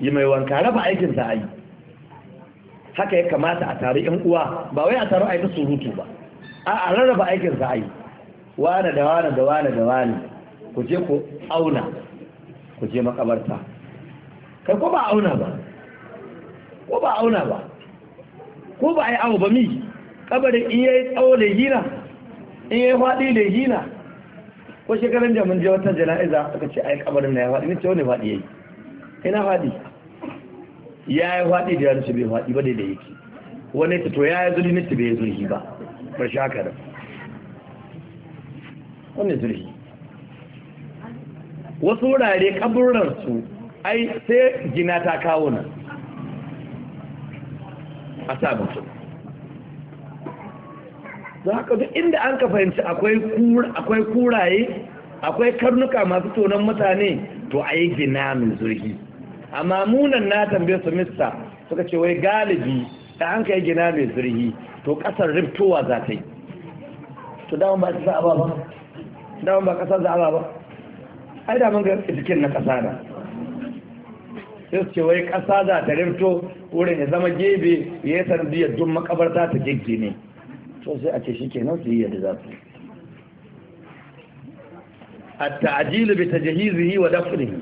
yi mai wanka raba aikin sa yi. haka ya kamata a tare yan uwa ba wai a taro aiki surutu ba a a rarraba aikin sa ai da wane da wane da wane ku je ku auna ku je makabarta kai ko ba auna ba ko ba auna ba ko ba a yi awo ba mi kabarin in yayi tsawo da hina in yayi faɗi da hina ko shekaran da mun je wata jana'iza aka ce ai kabarin na ya faɗi ne ce wani faɗi yayi ina faɗi ya yi faɗi da yansu bai faɗi ba da yake wani ta to ya yi zuri nita bai zuri ba ba shi haka da wani zuri wasu wurare kaburansu ai sai jina ta kawo nan a sa mutum za haka duk inda an ka fahimci akwai kuraye akwai karnuka masu tonon mutane to a yi gina mai zurgi amma munan na tambaye su mista suka ce wai galibi da an ka yi gina mai zurgi to kasar riftowa za ta yi to dawon ba ta za'aba ba dawon ba kasar za'aba ba ai da ga jikin na kasa na sai su ce wai kasa za ta rifto wurin ya zama gebe ya yi sanadiyar don makabarta ta ne. to sai a ce shi kenan su yi yadda za su a ta'ajilu bi tajhizihi wa dafnihi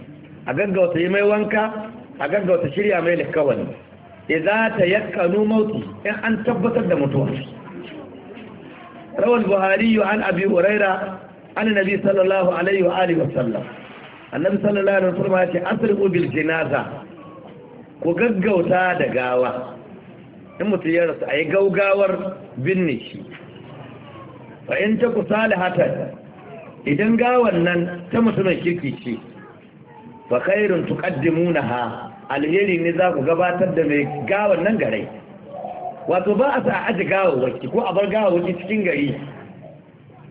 a gaggauta yi mai wanka a gaggauta shirya mai likawani idza tayakkanu mauti in an tabbatar da mutuwa rawal buhari an abi huraira an nabi sallallahu alaihi wa alihi wa sallam annabi sallallahu alaihi wa sallam ya ce asriqu bil jinaza ku gaggauta da gawa in mutum ya rasu a yi gaugawar binne shi fa in ta ku salihatan idan gawan nan ta mutumin kirki ce fa khairun tuqaddimunaha alheri ne za ku gabatar da mai gawan nan gare wato ba a sa a aji gawawaki ko a bar gawawaki cikin gari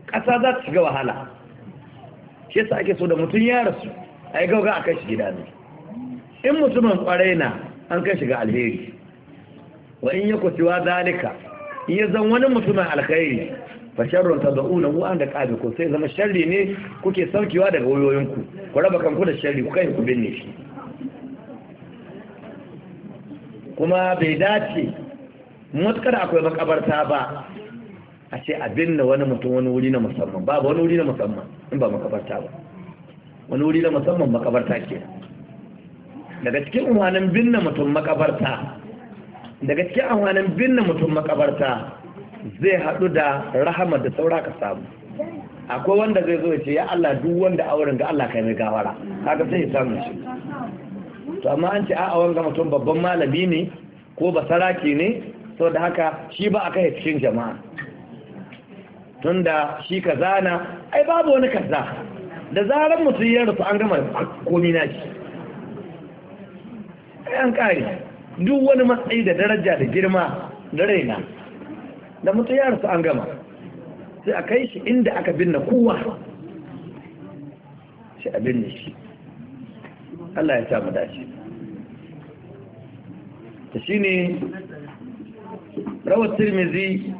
ƙasa za ta shiga wahala shi yasa ake so da mutum ya rasu a yi gauga a kai shi gida ne in mutumin kwarai na an kai shiga alheri wa in ya siwa zalika in ya zan wani mutumin alheri fa sharrun tad'una wa an da qabi ko sai zama sharri ne kuke saukewa daga wayoyinku ku raba kanku da sharri ku kai ku binne shi kuma bai dace matukar akwai makabarta ba a ce a binne wani mutum wani wuri na musamman babu wani wuri na musamman in ba makabarta ba wani wuri na musamman makabarta ke daga cikin unwanin binne mutum makabarta daga cikin unwanin binne mutum makabarta zai haɗu da rahama da saura ka samu akwai wanda zai zo ce ya Allah duk wanda auren ga Allah kai mai gawara kaga sai ya samu shi to amma an ce a'a wanga mutum babban malami ne ko basaraki ne saboda haka shi ba a kai cikin jama'a tunda shi kazana ai babu wani kaza da zarar mutum ya rufe an gama komi na shi sai an duk wani matsayi da daraja da girma da raina da mutu ya rasu an gama sai a kai shi inda aka binne kowa shi a binne shi Allah ya mu dace ta shi ne rawar tirmizi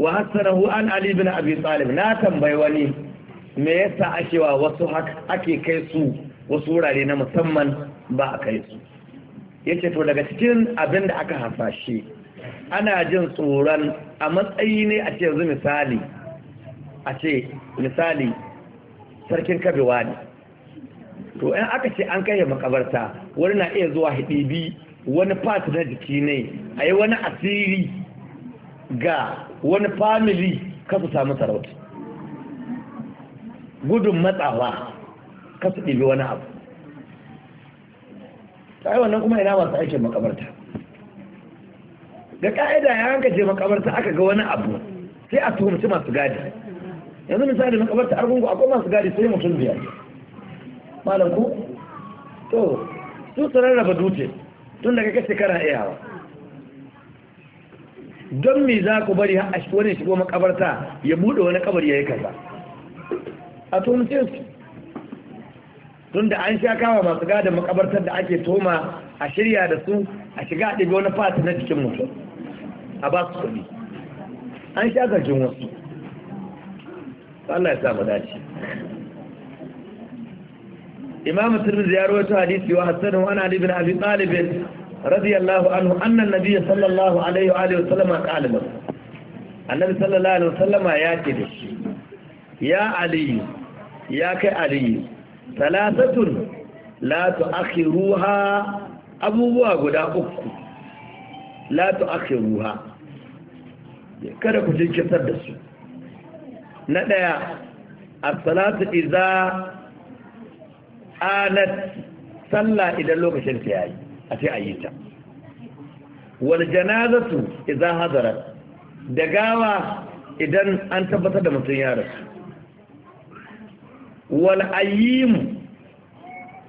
wa hassanahu an ali bin abi talib na tambayi wani me yasa ake wa wasu ake kai su wasu wurare na musamman ba a kai su Ya ce to daga cikin abin da aka hasashe ana jin tsoron a matsayi ne a ce yanzu misali a ce misali sarkin kabewa ne to in aka ce an kai makabarta wani na iya zuwa hidibi wani fata na jiki ne a yi wani asiri ga wani famili kasu samu sarauta gudun matsawa kasu ɗibi wani abu sai wannan kuma ina masu aikin makabarta ga ka'ida ya hanka ce makabarta aka ga wani abu sai a tuhumci masu gadi yanzu misali makabarta argungu akwai masu gadi sai mutum biyar malam ku to su su raba dutse tun daga kace kana iyawa don me za ku bari har a wani shigo makabarta ya bude wani kabari ya yi kaza a tuhumce su tunda an sha kama masu gada makabartar da ake toma a shirya da su a shiga ɗiga wani fata na cikin mutum a ba su kuɗi an sha zargin wasu Allah ya samu dace imam turmizi ya rawaito hadisi wa hassanu wa ali bin abi talib radiyallahu anhu anna an sallallahu alaihi wa alihi wa sallama qala lahu annabi sallallahu alaihi wa sallama ya ce da shi ya ali ya kai aliyu talatatun la ruha abubuwa guda uku la ruha, kada ku jinkirtar da su na daya a salatu iza anat sallah idan lokacin ta yayi a ce a yi ta wal janazatu iza hadarat da gawa idan an tabbatar da mutum ya rasu Wal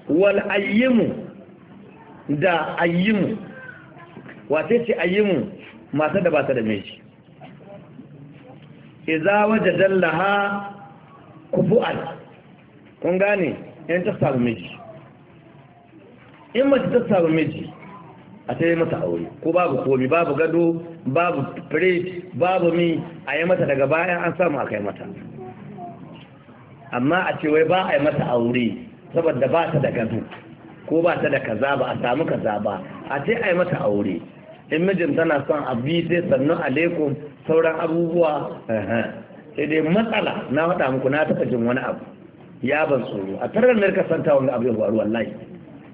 wal'ayyimu da ayimu wace ce ayyimu masu da ba da meji. idza wajadallaha dallaha kufu'al kun gane yan ta samu meji. in mace ta samu meji a ta yi mata aure ko babu komi babu gado babu fred babu mi a yi mata daga bayan an samu a kai mata amma a ce wai ba a yi mata aure saboda ba ta da gado ko ba ta da kaza ba a samu kaza ba a ce a yi mata aure in mijin tana son a bi sai sannu alaikum sauran abubuwa sai dai matsala na faɗa muku na taɓa jin wani abu ya ban tsoro a tarar narka santa wani abu ya faru wallahi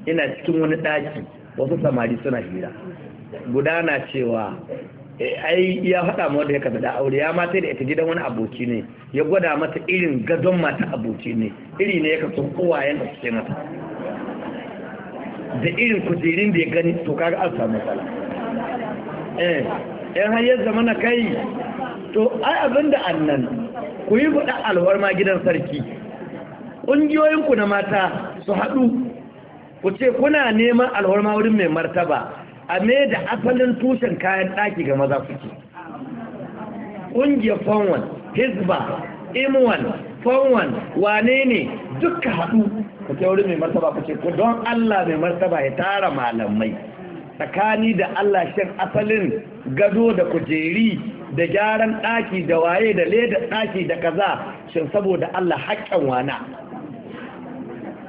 ina cikin wani ɗaki wasu samari suna hira guda na cewa Eh, ai ya faɗa ma wanda ya kasa, da aure ya mata da ita gidan wani aboki ne ya gwada mata irin gadon mata aboki ne iri ne ya kafa kowayen da suke mata da irin kujerin da ya gani to kaga an samu matsala eh yan hanyar zama na kai to ai abin da annan ku yi faɗa alwar ma gidan sarki ƙungiyoyinku na mata su haɗu ku ce kuna neman alwar ma wurin mai martaba a mai da asalin tushen kayan ɗaki ga maza suke ƙungiyar fonwan Hisba, imwan fanwan wane ne duka haɗu ku ta wuri mai martaba ku ce don allah mai martaba ya tara malamai tsakani da allah shan asalin gado da kujeri da gyaran ɗaki da waye da leda ɗaki da kaza shin saboda allah haƙƙan wana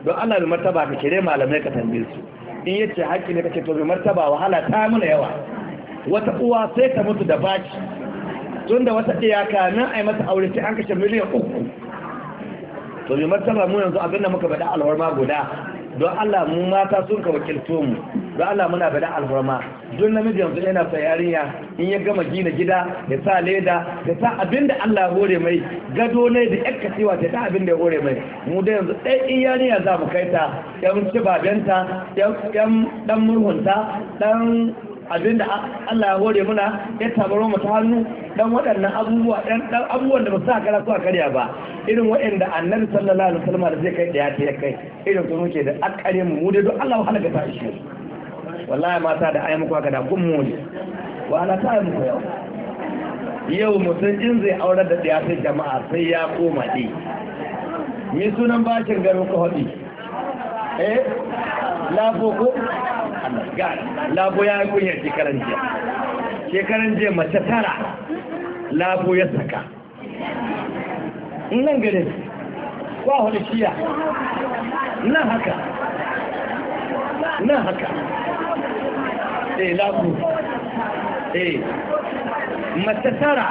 don allah mai martaba ka kire malamai ka tambaye su in yace haƙƙi ne kace to martaba wahala ta mana yawa wata uwa sai ta mutu da baki tunda wata iyaka nan ai mata aure sai an kashe miliyan uku to bi martaba mu yanzu abin da muka bada alwarma guda don Allah mu mata sun ka wakilto mu don Allah muna bada alhurma don namiji yanzu yana sa yarinya in ya gama gina gida ya sa leda ya sa abin da Allah hore mai gado ne da yan ta ta abin da ya hore mai mu da yanzu ɗai in yarinya za mu kai ta yan babenta yan dan murhunta dan abinda Allah ya hore muna ya tabaro mu ta hannu dan waɗannan abubuwa dan dan abubuwan da ba sa kara su a karya ba irin waɗanda Annabi sallallahu alaihi wasallam da zai kai da ya ta kai irin su muke da akare mu mu da duk Allah halaka ta shi wallahi mata da ayi muku haka da kun mu ne wa ala ta mu yau yau mutum in zai aurar da ɗaya sai jama'a sai ya koma ɗi mi sunan bakin garin ku haɗi eh lafo ko god labo ya yi kunyar shekaran jiya shekaran jiya mace tara labo ya saka nan gare kwa hudu shiya nan haka nan haka eh labo eh mace tara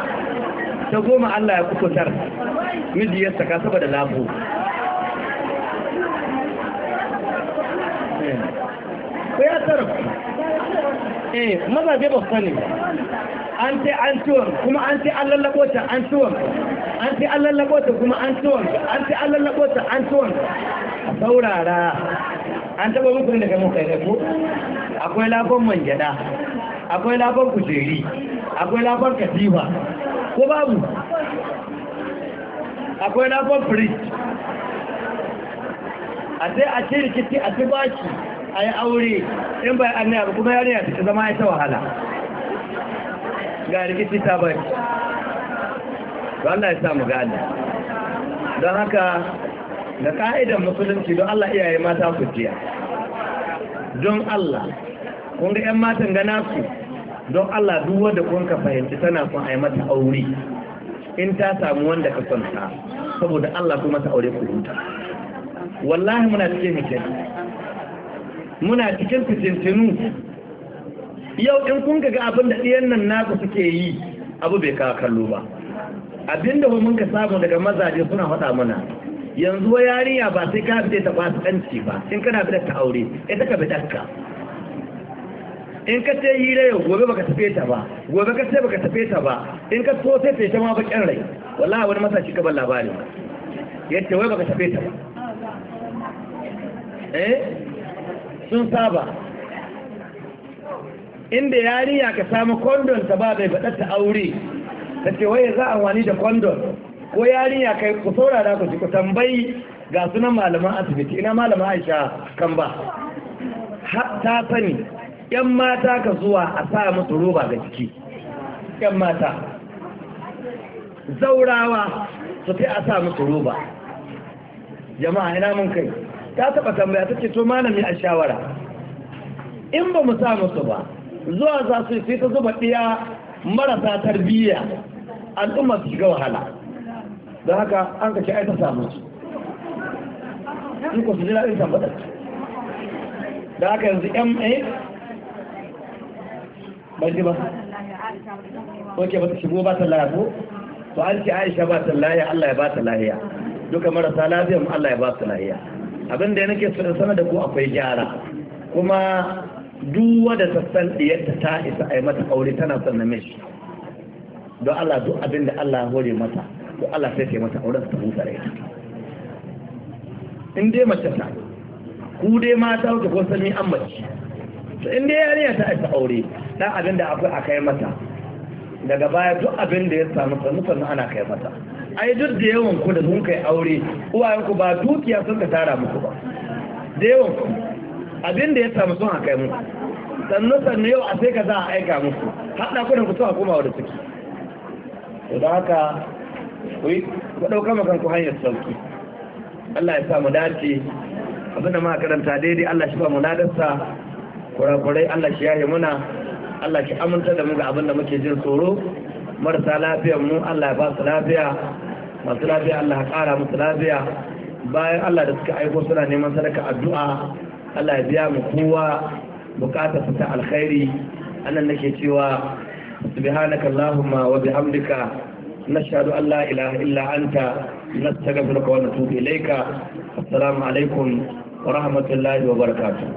ta goma Allah ya kukutar miji ya saka saboda labo eh mazaje ba sani an ce an ciwon kuma an ce an lallabo an ciwon an an kuma an an an an saurara an taba muku daga muka yi ko akwai lafon manjada akwai lafon kujeri akwai lafon katifa ko babu akwai lafon firist a sai a ce rikici a ci baki a yi aure in bai an yaba kuma yariya ta zama ya ta wahala ga rikici ta bai Allah ya samu mu gane don haka da ka'idan musulunci don Allah iyaye mata su jiya don Allah kun ga 'yan matan gana su don Allah duk wanda kun ka fahimci tana kun a yi mata aure in ta samu wanda ka son ta saboda Allah kuma ta aure ku huta wallahi muna cikin hikin muna cikin fitintinu yau in kun ga abin da ɗiyan nan naku suke yi abu bai ka kallo ba abin da mun ka samu daga mazaje suna faɗa mana yanzu wa yariya ba sai ka fita ta fasikanci ba in kana fita ta aure ta ka bi ka in ka ce hira yau gobe baka tafe ta ba gobe ka ce baka tafe ta ba in ka so sai ta ma bakin rai wallahi wani masashi ka ban labari yace wai baka tafe ta ba eh sun saba inda yariya ka samu kondon ta ba bai faɗar aure ta ce waye za a wani da kondon ko yariya kai ku saurara ku ci ku tambayi ga sunan malaman asibiti ina malama aisha kan ba ta sani yan mata ka zuwa a sa musu roba ga ciki yan mata zaurawa su fi a sa musu roba jama'a ina mun kai ta taɓa tambaya ta ce to malami a shawara in ba mu sa musu ba zuwa za su sai ta zuba ɗiya marasa tarbiyya al'umma su shiga wahala don haka an ka ce ai ta samu su in ku su ji daɗin tabbatar da haka yanzu ma ba ji ba ok ba ta shigo ba ta lafi ko to an ce aisha ba ta lahiya allah ya ba ta lahiya duka marasa lafiya allah ya ba su lahiya abin da nake so san da ku akwai gyara kuma duwa da sassan diyarta ta isa a yi mata aure tana son namiji don Allah duk abin da Allah hore mata to Allah sai ke mata auren ta huta ita. in dai mace ta ku dai mata ku ko sani an mace to in dai yariya ta isa aure dan abin da akwai a kai mata daga baya duk abin da ya samu sanu sanu ana kai mata ai duk da yawan ku da mun kai aure uwayenku ba dukiya sun ka tara muku ba da yawan ku abin da ya samu sun haka muku sannu sannu yau a sai ka za a aika muku haɗa ku da ku suka koma da suke to da haka ku ɗauka makan ku hanyar sauki Allah ya sa mu dace da ma karanta daidai Allah shi ba mu nadarsa kurakurai Allah shi yaye muna Allah shi aminta da mu ga abinda muke jin tsoro marasa lafiyar mu Allah ya ba su lafiya masu lafiya Allah ya ƙara musu lafiya bayan Allah da suka aiko suna neman sadaka addu'a Allah ya biya mu kowa bukatar ta alkhairi anan nake cewa subhanaka allahumma wa bihamdika nashhadu an la ilaha illa anta nastaghfiruka wa natubu ilayka assalamu alaikum wa rahmatullahi wa barakatuh